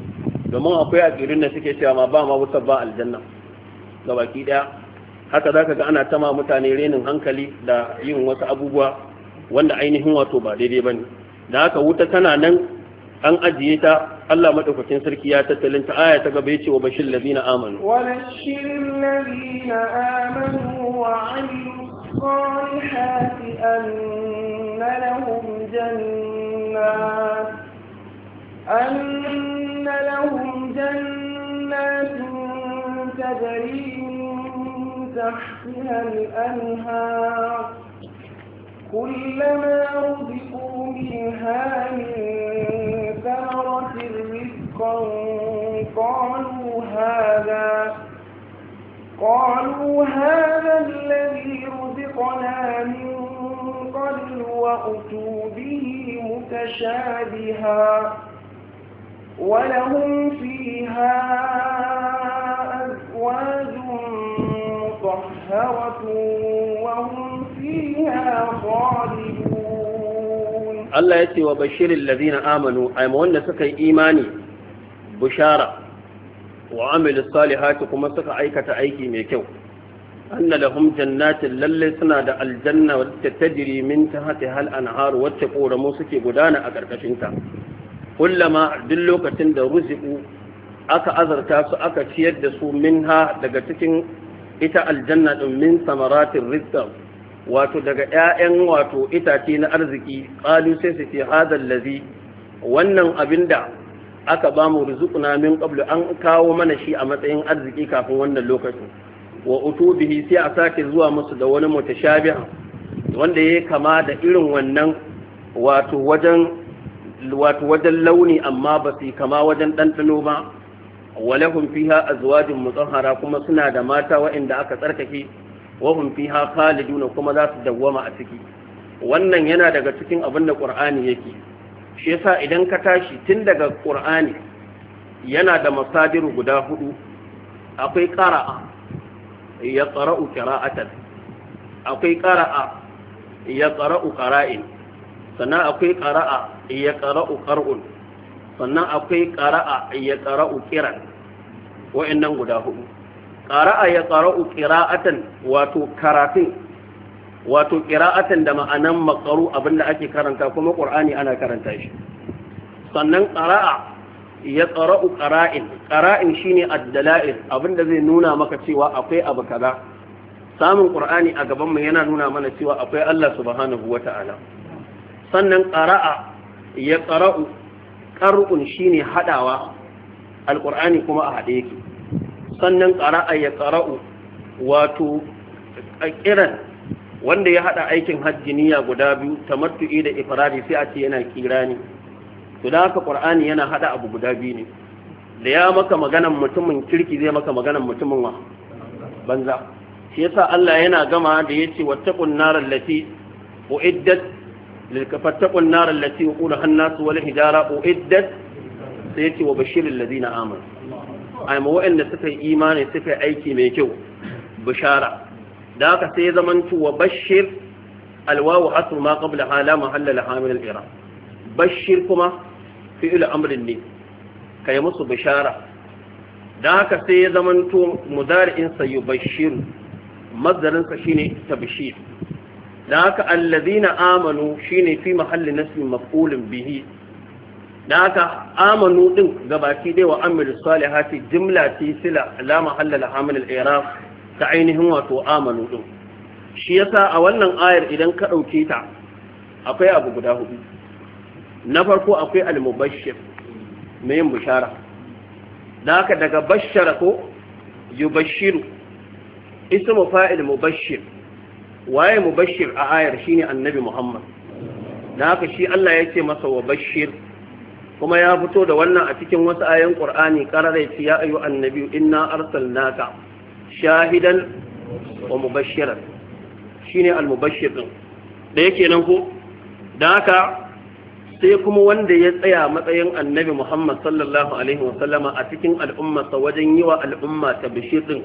domin akwai ajirin da suke cewa ma ba ma wuta ba aljanna gabaki daya haka zaka ga ana tama mutane renin hankali da yin wasu abubuwa wanda ainihin wato ba daidai bane da haka wuta tana nan an ajiye ta Allah madaukakin sarki ya tattalin ta aya ta gaba yace wa bashir ladina amanu wa bashir ladina amanu wa الصالحات أن لهم جنات أن لهم جنات تجري من تحتها الأنهار كلما رزقوا منها من ثمرة رزقا قالوا هذا قالوا هذا الذي رزقنا من قبل وأتوا به متشابها ولهم فيها أزواج مطهرة Allah ya ce wa bashirin lazina amanu a wanda suka yi imani bushara wa amilu salihati kuma suka aikata aiki mai kyau an da lahum jannatin lalle suna da aljanna da ta jiri min ta hati hal an haru wadda suke gudana a ƙarƙashinta kullama duk lokacin da ruzi'u aka azarta su aka ciyar da su min ha daga cikin ita aljanna ɗin min samaratin rizal wato daga 'ya'yan wato itace na arziki qalu sai su ce hadal lazi. wannan da aka ba mu rizquna min qablu an kawo mana shi a matsayin arziki kafin wannan lokacin wa utu bihi sai a sake zuwa musu da wani mutashabiha wanda yake kama da irin wannan wato wajen wato wajen launi amma ba su kama wajen ɗanɗano ba walahum fiha azwajun mutahhara kuma suna da mata waɗanda aka tsarkake wa hum fiha khaliduna kuma za su dawwama a ciki wannan yana daga cikin abin da qur'ani yake shi yasa idan ka tashi tun daga qur'ani yana da masadiru guda hudu akwai qara'a ya qara'u qira'atan akwai qara'a ya qara'u qara'in sannan akwai qara'a ya qara'u qar'un sannan akwai qara'a ya qara'u qiran wa'annan guda hudu ƙara'a ya ƙara'u ƙira'atan wato ƙira'atan da ma'anan makaru abinda ake karanta kuma ƙur'ani ana karanta shi sannan ƙara'a ya ƙara'u ƙara'in ƙara'in shine addala'il abinda zai nuna maka cewa akwai abu kaza samun ƙur'ani a gabanmu yana nuna mana cewa akwai Allah subhanahu wata'ala sannan ƙara'a ya ƙara'u ƙar'un shine haɗawa alƙur'ani kuma a haɗe yake sannan ƙara'a ya ƙara'u wato ƙiran wanda ya haɗa aikin hajji niyya guda biyu ta tamattu'i da ifirari sai a ce yana ne to da haka qur'ani yana haɗa abu guda biyu ne da ya maka maganan mutumin kirki zai maka maganan mutumin wa banza shi yasa Allah yana gama da yace wattaqun naral lati uiddat lil kafattaqun naral lati yuqulu hannasu wal hijara uiddat sai ce wa bashiril ladina amanu a ma waɗanda suka yi imani suka yi aiki mai kyau bishara da haka sai zaman wa bashir alwawu asr ma qabla hala mahalla la hamil bashir kuma fi'il amrin ne yi musu bishara da haka sai ya zaman to mudari'in sa yubashir shi ne ta tabshir da haka alladhina amanu shi ne fi mahalli nasbi maf'ulun bihi da aka amanu din gabaki dai wa amir salihati jimla ti sila la mahallal hamil al ta ainihin wato amanu din shi yasa a wannan ayar idan ka dauke ta akwai abu guda hudu na farko akwai al-mubashshir mai yin bishara da aka daga bashara ko yubashiru ismu fa'il mubashshir waye mubashshir a ayar shine annabi muhammad da aka shi Allah ya ce masa wa bashir kuma ya fito da wannan a cikin wasu ayan qur'ani qararai fi ya ayu annabi inna arsalnaka shahidan wa mubashiran shine al-mubashir din da yake nan ko Da haka sai kuma wanda ya tsaya matsayin annabi Muhammad sallallahu alaihi wa sallama a cikin al'ummarsa wajen yi wa al'umma ta bishir din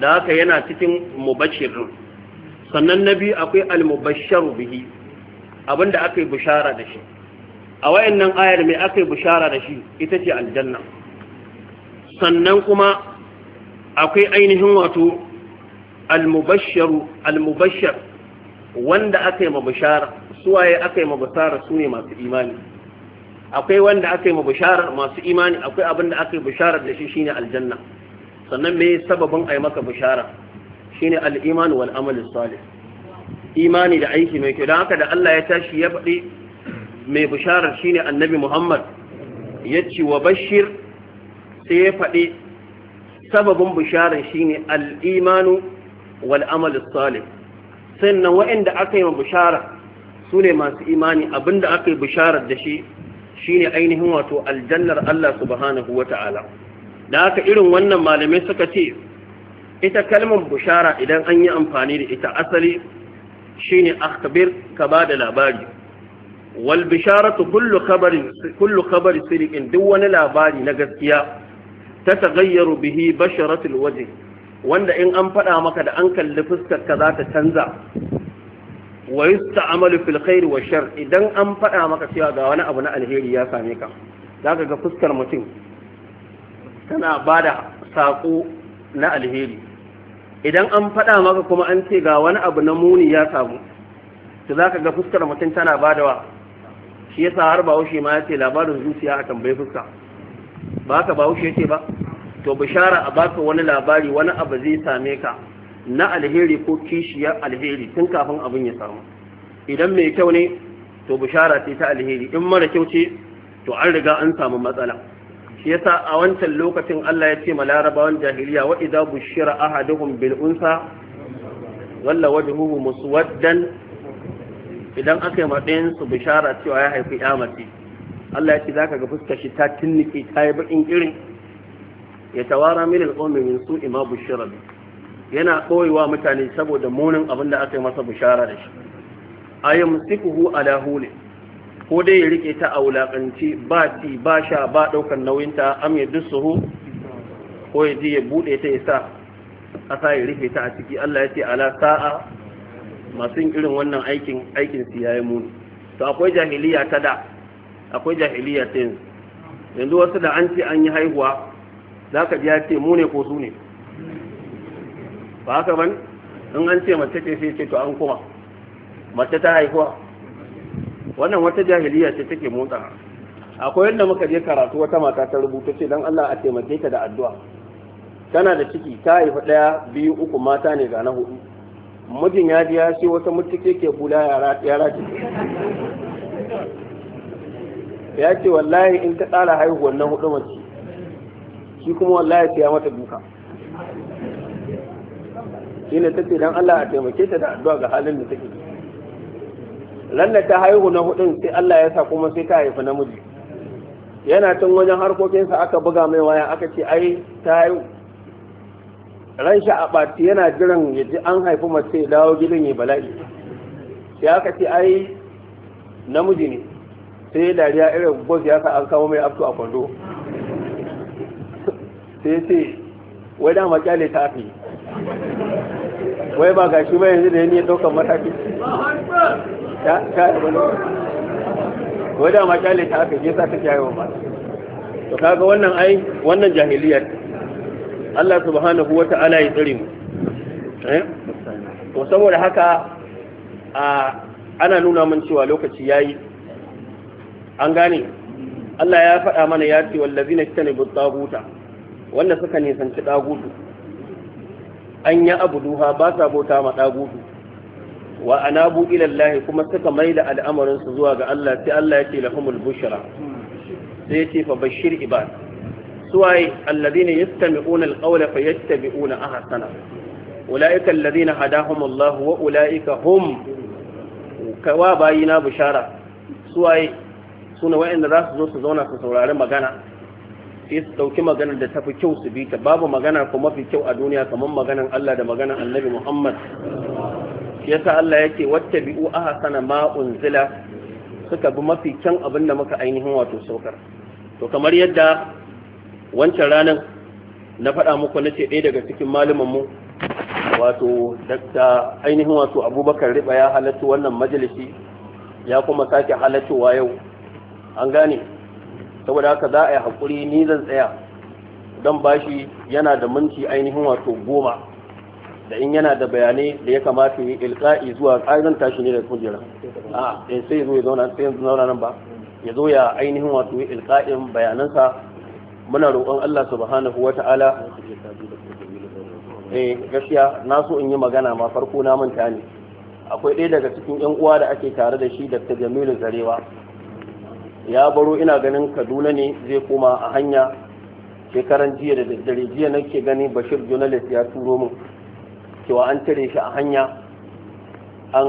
da haka yana cikin mubashir din sannan nabi akwai al-mubashsharu bihi abinda aka yi bishara da shi a nan ayar mai aka yi bishara da shi ita ce aljanna sannan kuma akwai ainihin wato almubasharu almubashar wanda aka yi ma bishara suwaye aka yi ma bishara su ne masu imani akwai wanda aka yi ma bishara masu imani akwai abin da aka yi bishara da shi shine aljanna sannan me sababin a yi maka bishara shine al-iman wal amal salih imani da aiki mai kyau don haka da Allah ya tashi ya faɗi mai bisharar shine annabi Muhammad ya ce wa bashir sai ya faɗi sababin bisharar shine al'imanu wal Salim. sannan waɗanda aka yi bishara su ne masu imani abinda aka yi bisharar da shi shine ainihin wato aljannar Allah subhanahu wa ta'ala da haka irin wannan malamai suka ce ita kalmar bishara idan an yi amfani da ita asali shine akhbir ka ba da labari wal bisharatu kullu khabarin kullu khabari siriqin duk wani labari na gaskiya ta tagayyaru bihi basharatul waje, wanda in an faɗa maka da an kalli fuskar ka za ta canza wa yusta'malu fil khair wa shar idan an faɗa maka cewa ga wani abu na alheri ya same ka zaka ga fuskar mutum tana bada sako na alheri idan an faɗa maka kuma an ce ga wani abu na muni ya samu to za ka ga fuskar mutum tana ba wa shi ya sa har bahaushe ma ya ce labarin zuciya a tambayi fuska ba ka bahaushe ya ce ba to bishara a baka wani labari wani abu zai same ka na alheri ko kishiyar alheri tun kafin abin ya samu idan mai kyau ne to bishara sai ta alheri in mara kyau ce to an riga an samu matsala shi ya sa a wancan lokacin Allah ya ce ma larabawan jahiliya wa idza bushira ahaduhum bil unsa walla wajhuhu muswaddan idan aka yi matsayin su bishara cewa ya haifi ya mace Allah ya ce za ka ga fuskar shi ta tinnike ta yi bakin irin ya tawara min al'ummi min su ima bushira yana koyewa mutane saboda munin abin da aka yi masa bishara da shi A ayamsikuhu ala huli ko dai ya rike ta a wulaƙanci ba ci ba sha ba ɗaukar nauyinta am ya dusuhu ko ya je ya buɗe ta ya sa ƙasa ya rufe ta a ciki Allah ya ce ala sa'a masu yin irin wannan aikin aikin su yayi muni to akwai jahiliya ta da akwai jahiliya ta yanzu yanzu wasu da an ce an yi haihuwa zaka ji ya ce mu ne ko su ne ba haka ban in an ce mace ce sai ce to an kuma mace ta haihuwa wannan wata jahiliya ce take motsa akwai yadda muka je karatu wata mata ta rubuta ce dan Allah a taimake ta da addu'a tana da ciki ta haifi ɗaya biyu uku mata ne ga na hudu mijin ya ji ya ce wata mutuke ke hula yara ce ya ce wallahi in ta tsara haihuwar na hudu mace shi kuma wallahi sai ya mata duka shi ne ta ce don Allah a taimake ta da addu'a ga halin da take lalla ta haihu na hudun sai Allah ya sa kuma sai ta haifi namiji yana tun wajen harkokinsa aka buga mai waya aka ce ai ta haihu ran shi a ɓati yana jiran ya ji an haifi mace ya dawo gidan ya bala'i sai aka ce ai namiji ne sai dariya irin bos ya sa an kawo mai afto a kwando sai ce wai dama kyale ta fi wai ba gashi ba yanzu da yanzu ya ɗaukar mataki wai dama kyale ta fi ya sa ta kyaye wa ba to kaga wannan ai wannan jahiliyar Allah subhanahu wa ta'ala ya tsare mu eh? to saboda haka a ana nuna mun cewa lokaci yayi an gane Allah ya faɗa mana ya ce wallazina tanibu taguta wanda suka nisanci dagutu an abu abuduha ba sa bauta ma dagutu wa anabu ila Allah kuma suka maida al'amarin su zuwa ga Allah sai Allah ya ce lahumul bushra sai ya ce fa bashir ibad Suwaye yastami'una alqawla يستمعون القول فيتبعون أحسنه أولئك الذين wa الله hum kawa bayina bushara suwaye suna wa'anda za su zo su zauna su saurari magana sai su ɗauki maganar da tafi kyau su bi ta babu magana ko mafi kyau a duniya kamar maganar Allah da maganar Annabi Muhammad yasa Allah yake wattabi'u ahsana ma unzila suka bi mafi kyan abin da muka ainihin wato saukar to kamar yadda wancan ranar na faɗa muku na ce ɗaya daga cikin mu wato da ainihin wato abubakar riba ya halatta wannan majalisi ya kuma sake halattowa yau an gane saboda haka za a yi hakuri ni zan tsaya don bashi yana da minti ainihin wato goma da in yana da bayanai da ya kamata yi ilka'i zuwa ƙa'izan tashi ne da kujera a eh, sai zo ya zauna nan ba ya zo ya ainihin wato yi ilka'in bayanansa muna roƙon Allah subhanahu ta'ala eh gaskiya na so in yi magana ma farko na manta ne akwai ɗaya daga cikin yan uwa da ake tare da shi Dr. Jamilu Zarewa ya baro ina ganin Kaduna ne zai koma a hanya shekaran jiya da daddare jiya nake gani Bashir Journalist ya turo min cewa an tare shi a hanya an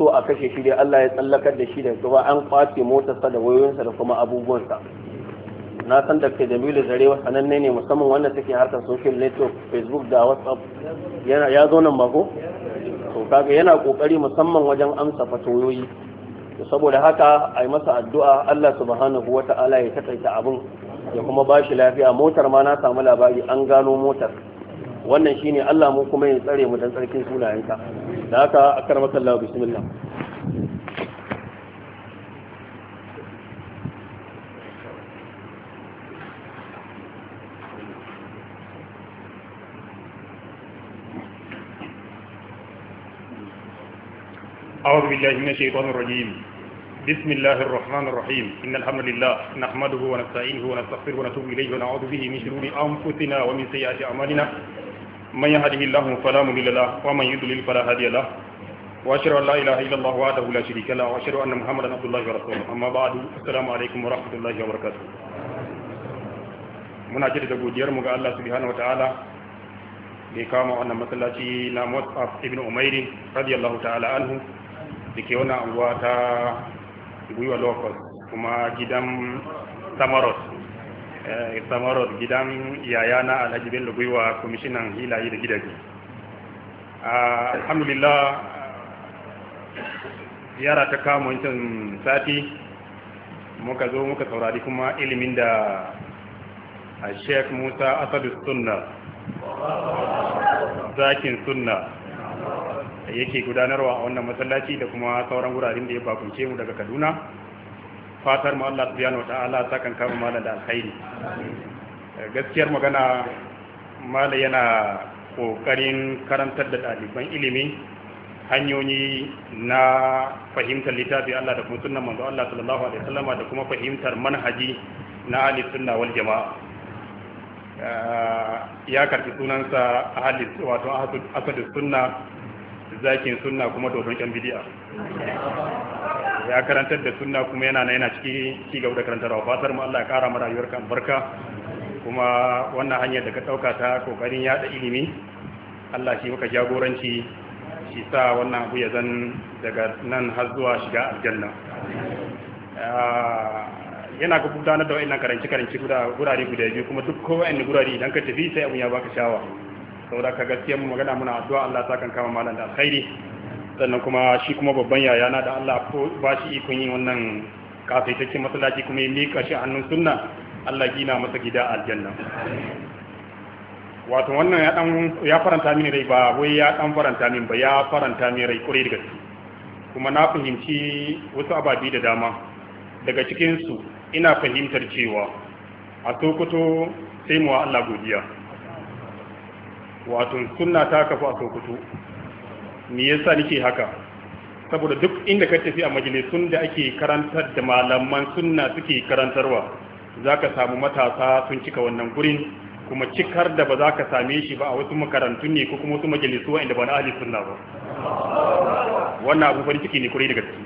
so a kashe shi dai Allah ya tsallakar da shi da gaba an kwace motarsa da wayoyinsa da kuma abubuwansa na san da ke jamilu zarewa sananne ne musamman wanda take harkar social network facebook da whatsapp yana ya zo nan mako to kaga yana kokari musamman wajen amsa fatoyoyi saboda haka a masa addu'a Allah subhanahu wa ta'ala ya takaita abun ya kuma ba shi lafiya motar ma na samu labari an gano motar wannan shine Allah mu kuma ya tsare mu dan tsarkin sunayenka da haka akar masallahu bismillah أعوذ بالله من الشيطان الرجيم بسم الله الرحمن الرحيم إن الحمد لله نحمده ونستعينه ونستغفره ونتوب إليه ونعوذ به من شرور أنفسنا ومن سيئات أعمالنا من يهده الله فلا مضل له ومن يضلل فلا هادي له وأشهد أن لا إله إلا الله وحده لا شريك له وأشهد أن محمدا عبد الله ورسوله أما بعد السلام عليكم ورحمة الله وبركاته muna jaddada godiyar mu ga Allah subhanahu wataala da ya kama wannan masallaci na Mus'ab ibn Umairi radiyallahu ta'ala anhu da ke wani anguwa ta gwiwa locust kuma gidan samaros eh, samaros gidan yaya na alhaji bello gwiwa kwamishinan hilaye da gidaje ah, alhamdulillah ziyara ta kama wancan sati muka zo muka saurari kuma ilimin da a sheik musa asadu sunna zakin sunna yake gudanarwa a wannan masallaci da kuma sauran wuraren da ya bakunce mu daga Kaduna fatar mu Allah subhanahu wataala ta kan kama mala da alkhairi eh, gaskiyar magana mala yana kokarin karantar da daliban ilimi hanyoyi na fahimtar littafi Allah da kuma sunnan manzo Allah sallallahu alaihi wasallama da kuma fahimtar manhaji na ahli sunna wal jama'a eh, ya karbi sunansa ahli wato asadu sunna zakin sunna kuma dodon yan bidiya ya karantar da sunna kuma yana yana ciki ci gaba da karantarwa fatar mu Allah ya kara mu kan barka. kuma wannan hanyar da ka dauka ta kokarin yada ilimi Allah shi maka jagoranci shi sa wannan abu ya zan daga nan har zuwa shiga aljanna ah, yana ga gudanar da wa'annan karanci karanci gurare guda biyu kuma duk kowa ne gurare idan ka tafi sai abu ya baka shawa saboda ka gaskiya mu magana muna addu'a Allah ta kan kama malam da alkhairi sannan kuma shi kuma babban yaya na da Allah ba shi ikon yin wannan kafaitaccen masallaci kuma ya mika shi hannun sunna Allah gina masa gida aljanna wato wannan ya dan ya faranta mini rai ba wai ya dan faranta min ba ya faranta mini rai kure da gaske kuma na fahimci wasu ababi da dama daga cikin su ina fahimtar cewa a tokoto sai mu wa Allah godiya wato sunna ta kafa a sokoto me yasa nake haka saboda duk inda ka tafi a majalisun da ake karantar da malaman sunna suke karantarwa zaka samu matasa sun cika wannan gurin kuma cikar da ba za ka same shi ba a wasu makarantun ne ko kuma wasu majalisu inda ba na ahli sunna ba wannan abu farin ciki ne kure da gaske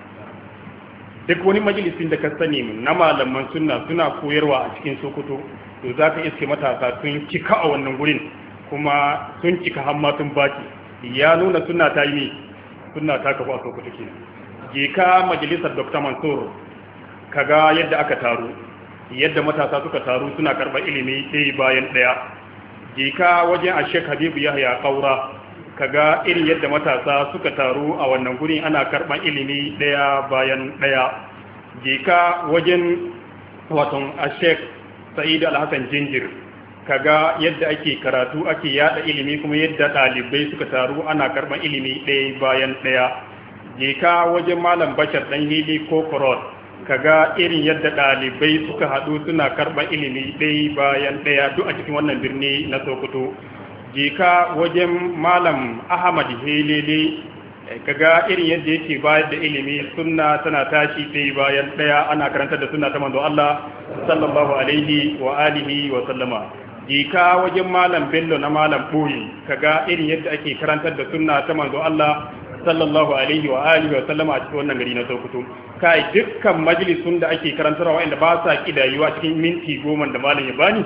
duk wani majalisin da ka sani na malaman sunna suna koyarwa a cikin sokoto to za ka iske matasa sun cika a wannan gurin kuma sun cika hamma sun baki ya nuna suna ta yi ne suna ta kafa a sokoto ke je ka majalisar dr mansur ga yadda aka taru yadda matasa suka taru suna karɓar ilimi ɗaya bayan ɗaya je ka wajen a shek habibu yahya kaura ga irin yadda matasa suka taru a wannan guri ana karɓar ilimi ɗaya bayan ɗaya je ka wajen waton a shek sa'id alhassan jinjir kaga yadda ake karatu ake yada ilimi kuma yadda ɗalibai suka taru ana karɓar ilimi ɗaya bayan ɗaya je ka wajen malam bashar dan hili ko korot kaga irin yadda ɗalibai suka haɗu suna karɓar ilimi ɗaya bayan ɗaya duk a cikin wannan birni na sokoto je ka wajen malam ahmad helele kaga irin yadda yake bayar da ilimi sunna tana tashi ɗaya bayan ɗaya ana karanta da sunna ta manzo Allah sallallahu alaihi wa alihi wa sallama jika wajen malam bello na malam ka ga irin yadda ake karantar da sunna ta manzo Allah sallallahu alaihi wa alihi wa sallama a cikin wannan gari na Sokoto kai dukkan majalisun da ake karantarwa wanda ba sa kidayuwa cikin minti goma da malam ya bani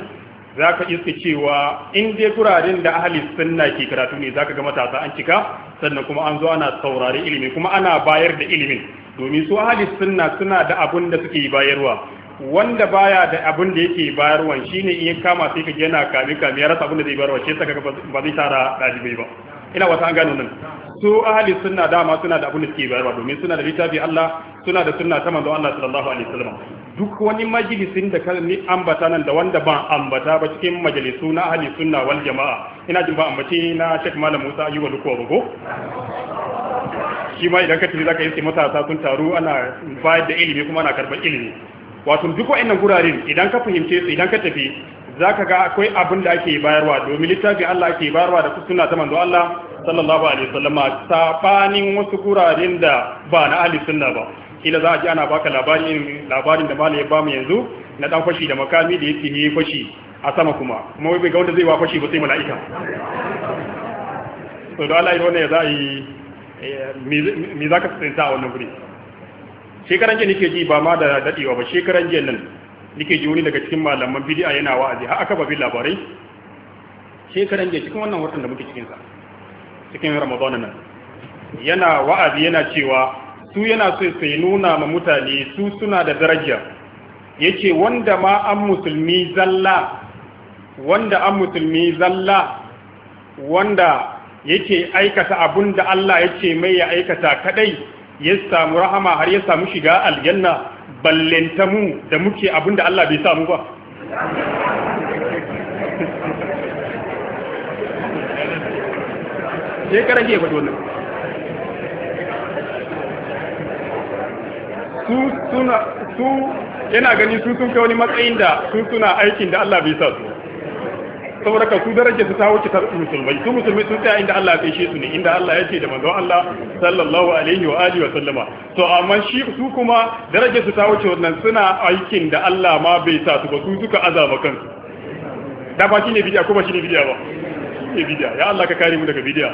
zaka iske cewa in dai guraren da ahli sunna ke karatu ne zaka ga matasa an cika sannan kuma an zo ana saurari ilimi kuma ana bayar da ilimin domin su ahli sunna suna da abun da suke bayarwa wanda baya da abin da yake bayarwan shine in ya kama sai ka yana kabi kabi ya rasa abin da zai bayarwa shi saka ba zai tara dalibai ba ina wata an gano nan su ahli sunna dama suna da abin da suke bayarwa domin suna da littafi Allah suna da sunna ta manzo Allah sallallahu alaihi wasallam duk wani majalisin da kan ni ambata nan da wanda ba ambata ba cikin majalisu na ahli sunna wal jama'a ina jin ba ambace na Sheikh Malam Musa Ayyuba duk wa bugo shi ma idan ka tafi zaka yi matasa sun taru ana bayar da ilimi kuma ana karban ilimi wato duk wa'annan guraren idan ka fahimce su idan ka tafi zaka ga akwai abin da ake bayarwa domin littafin Allah ake bayarwa da sunna ta manzo Allah sallallahu alaihi wasallam sabanin wasu guraren da ba na ahli sunna ba kila za a ji ana baka labarin labarin da malai ya bamu yanzu na dan fashi da makami da yake yi fashi a sama kuma kuma wai ga wanda zai wa fashi ba sai mala'ika to da Allah ya za a yi eh, me za ka tsinta a wannan guri shekaran jiya nake ji ba ma da dadewa ba shekaran jiya nan nake ji wani daga cikin malaman bidi'a yana wa'azi har aka babi labarai shekaran jiya cikin wannan watan da muke cikin sa cikin Ramadan nan yana wa'azi yana cewa su yana so yi nuna ma mutane su suna da daraja yace wanda ma an musulmi zalla wanda an musulmi zalla wanda yake aikata abun da Allah ya ce mai ya aikata kadai ya samu rahama har ya samu shiga aljanna ballenta mu da muke da Allah bai samu ba je su suna su yana gani su sun kai wani matsayin da su suna aikin da Allah bai sa su saboda ka su darajar ta wuce ta musulmai su musulmai sun tsaya inda Allah ya kai su ne inda Allah ya ce da manzon Allah sallallahu alaihi wa alihi wa sallama to amma shi su kuma darajar ta wuce wannan suna aikin da Allah ma bai sa su ba su duka azaba kansu da ba shine bidiya kuma shine bidiya ba shine bidiya ya Allah ka kare mu daga bidiya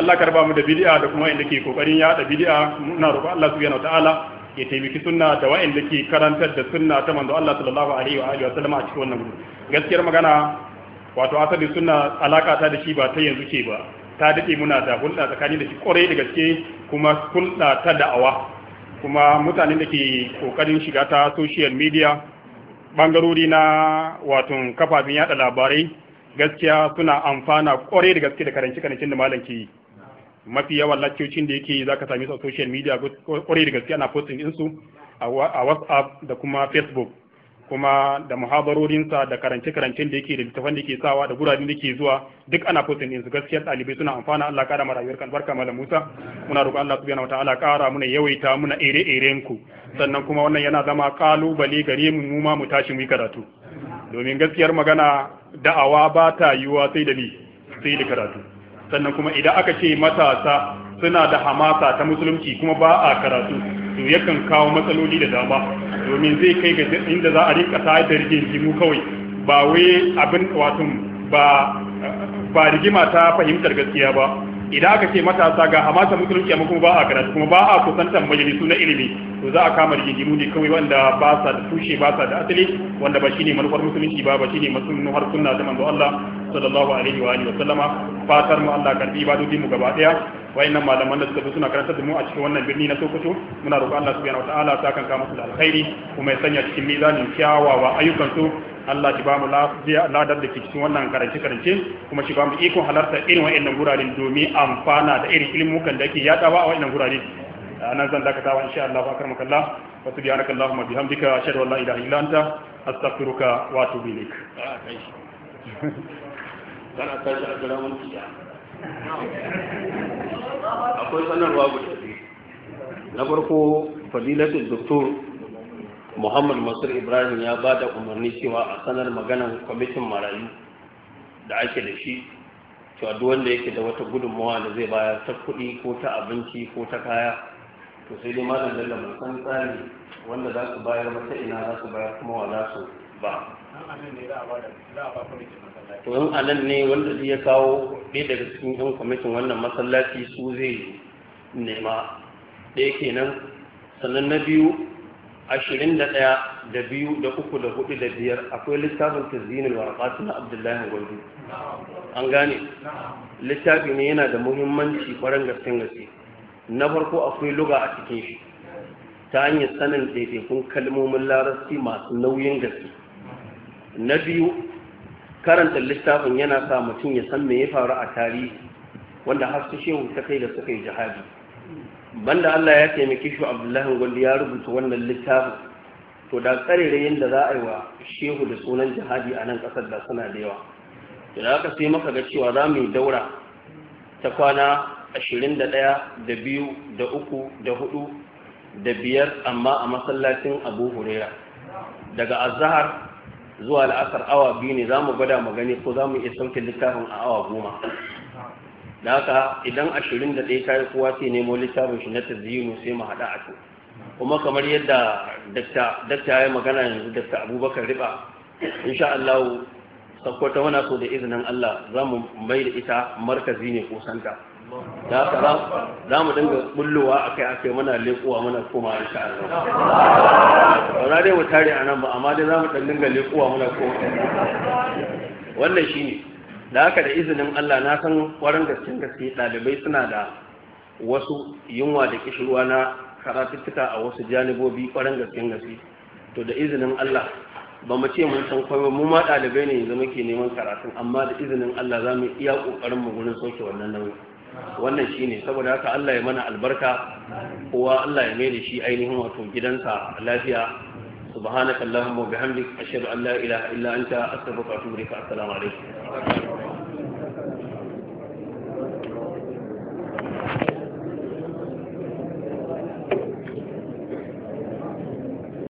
Allah ka raba mu da bidiya da kuma inda ke kokarin yada bidiya muna roƙon Allah subhanahu ta'ala ya taimaki sunna da da ke karantar da sunna ta manzo Allah sallallahu alaihi wa alihi wa sallama a cikin wannan gaskiyar magana wato asali suna alaka ta da shi ba ta yanzu ke ba ta dade muna da hulɗa tsakanin da shi kwarai da gaske kuma hulɗa ta da'awa kuma mutanen da ke kokarin shiga ta social media bangarori na wato kafafen yada labarai gaskiya suna amfana kwarai da gaske da karanci karancin da malam ke yi mafi yawan laccocin da yake za ka sami su a social media kwarai da gaske ana posting ɗinsu a whatsapp da kuma facebook kuma da muhabarorinsa da karance-karancen da yake da littafan da ke sawa da guraren da ke zuwa duk ana fotin din su gaskiya ɗalibai suna amfana Allah ƙara ma rayuwar kan barka malam Musa muna roƙon Allah subhanahu wataala ƙara muna yawaita muna ire-iren ku sannan kuma wannan yana zama kalubale gare mu mu ma mu tashi mu yi karatu domin gaskiyar magana da'awa ba ta yiwuwa sai da ni sai da karatu sannan kuma idan aka ce matasa suna da hamasa ta musulunci kuma ba a karatu to yakan kawo matsaloli da dama domin zai kai ga inda za a rinka tayar da rigingimu kawai ba wai abin wato ba ba rigima ta fahimtar gaskiya ba idan aka ce matasa ga hamasa musulunci amma kuma ba a karatu kuma ba a kusantar majalisu na ilimi to za a kama jimu ne kawai wanda ba sa da tushe ba sa da asali wanda ba shine manufar musulunci ba ba shine har sunna da manzo Allah sallallahu alaihi wa alihi wa sallama fatar mu Allah karbi ibadodin mu gaba daya wayannan malaman da suka zo suna karantar da mu a cikin wannan birni na Sokoto muna roƙon Allah subhanahu wataala ya kama su da alkhairi kuma ya sanya cikin mizanin kyawawa ayyukan su Allah shi ba mu ladar da ke cikin wannan karance-karance kuma shi ba mu ikon halarta irin wa'annan guraren domin amfana da irin ilmukan da ake yadawa a wa'annan gurare anan zan dakatawa insha Allah ba karmaka Allah wa subhanaka Allahumma bihamdika ashhadu an la ilaha illa anta astaghfiruka wa atubu ilaik kana tashi a akwai sanarwa guda biyu na farko fadilatul doktor muhammad masur ibrahim ya ba da umarni cewa a sanar maganan kwamitin marayu da ake da shi cewa duk wanda yake da wata gudunmawa da zai baya ta kuɗi ko ta abinci ko ta kaya to sai dai malam dalla mun san tsari wanda za su bayar mata ina za su bayar kuma wa za su ba to in anan ne wanda zai kawo ɗaya daga cikin yan kwamitin wannan masallaci su zai nema ɗaya kenan sannan na biyu ashirin da ɗaya da biyu da uku da hudu da biyar akwai littafin tazinul warqat na abdullahi gwandu an gane littafi ne yana da muhimmanci kwarin gaske gaske na farko akwai luga a cikin shi ta hanyar sanin daidaikun kalmomin larabci masu nauyin gaske na biyu karanta littafin yana sa mutum ya san me ya faru a tarihi wanda haske shehu ta kai da suka yi jihadi banda Allah ya taimaki shi Abdullahi Gwandi ya rubuta wannan littafin to da tsarere da za a yi wa shehu da sunan jihadi a nan kasar da suna da yawa to da aka sai maka ga cewa za mu yi daura ta kwana ashirin da ɗaya da biyu da uku da hudu da biyar amma a masallacin abu hurera daga azahar zuwa la'asar awa biyu ne za mu gwada mu gani ko za mu iya sauke littafin a awa goma da haka idan ashirin da ɗaya kayi kowa sai nemo littafin shi na tazinu sai mu haɗa a kuma kamar yadda dakta ya magana yanzu dakta abubakar riba sha Allah sakkwata wana so da izinin Allah za mu mai da ita markazi ne ko santa da haka za mu dinga bullowa a kai akai muna lekuwa muna koma a sha Allah ba dai mu tare a nan ba amma dai za mu dan dinga lekuwa muna koma wannan shi ne, da haka da izinin Allah na san kwarin gaskiyar gaske ɗalibai suna da wasu yunwa da kishirwa na karatuttuka a wasu janibobi kwarin gaskiyar gaske to da izinin Allah ba mu ce mun san kwaiwa mu ma ɗalibai ne yanzu muke neman karatun amma da izinin Allah za mu iya ƙoƙarin mu gurin soke wannan nauyi wannan shi ne saboda haka Allah ya mana albarka kowa Allah ya mai da shi ainihin wato gidansa lafiya subhanaka allahumma wa bihamdik ashhadu an la ilaha illa anta astaghfiruka wa atubu ilaik assalamu alaikum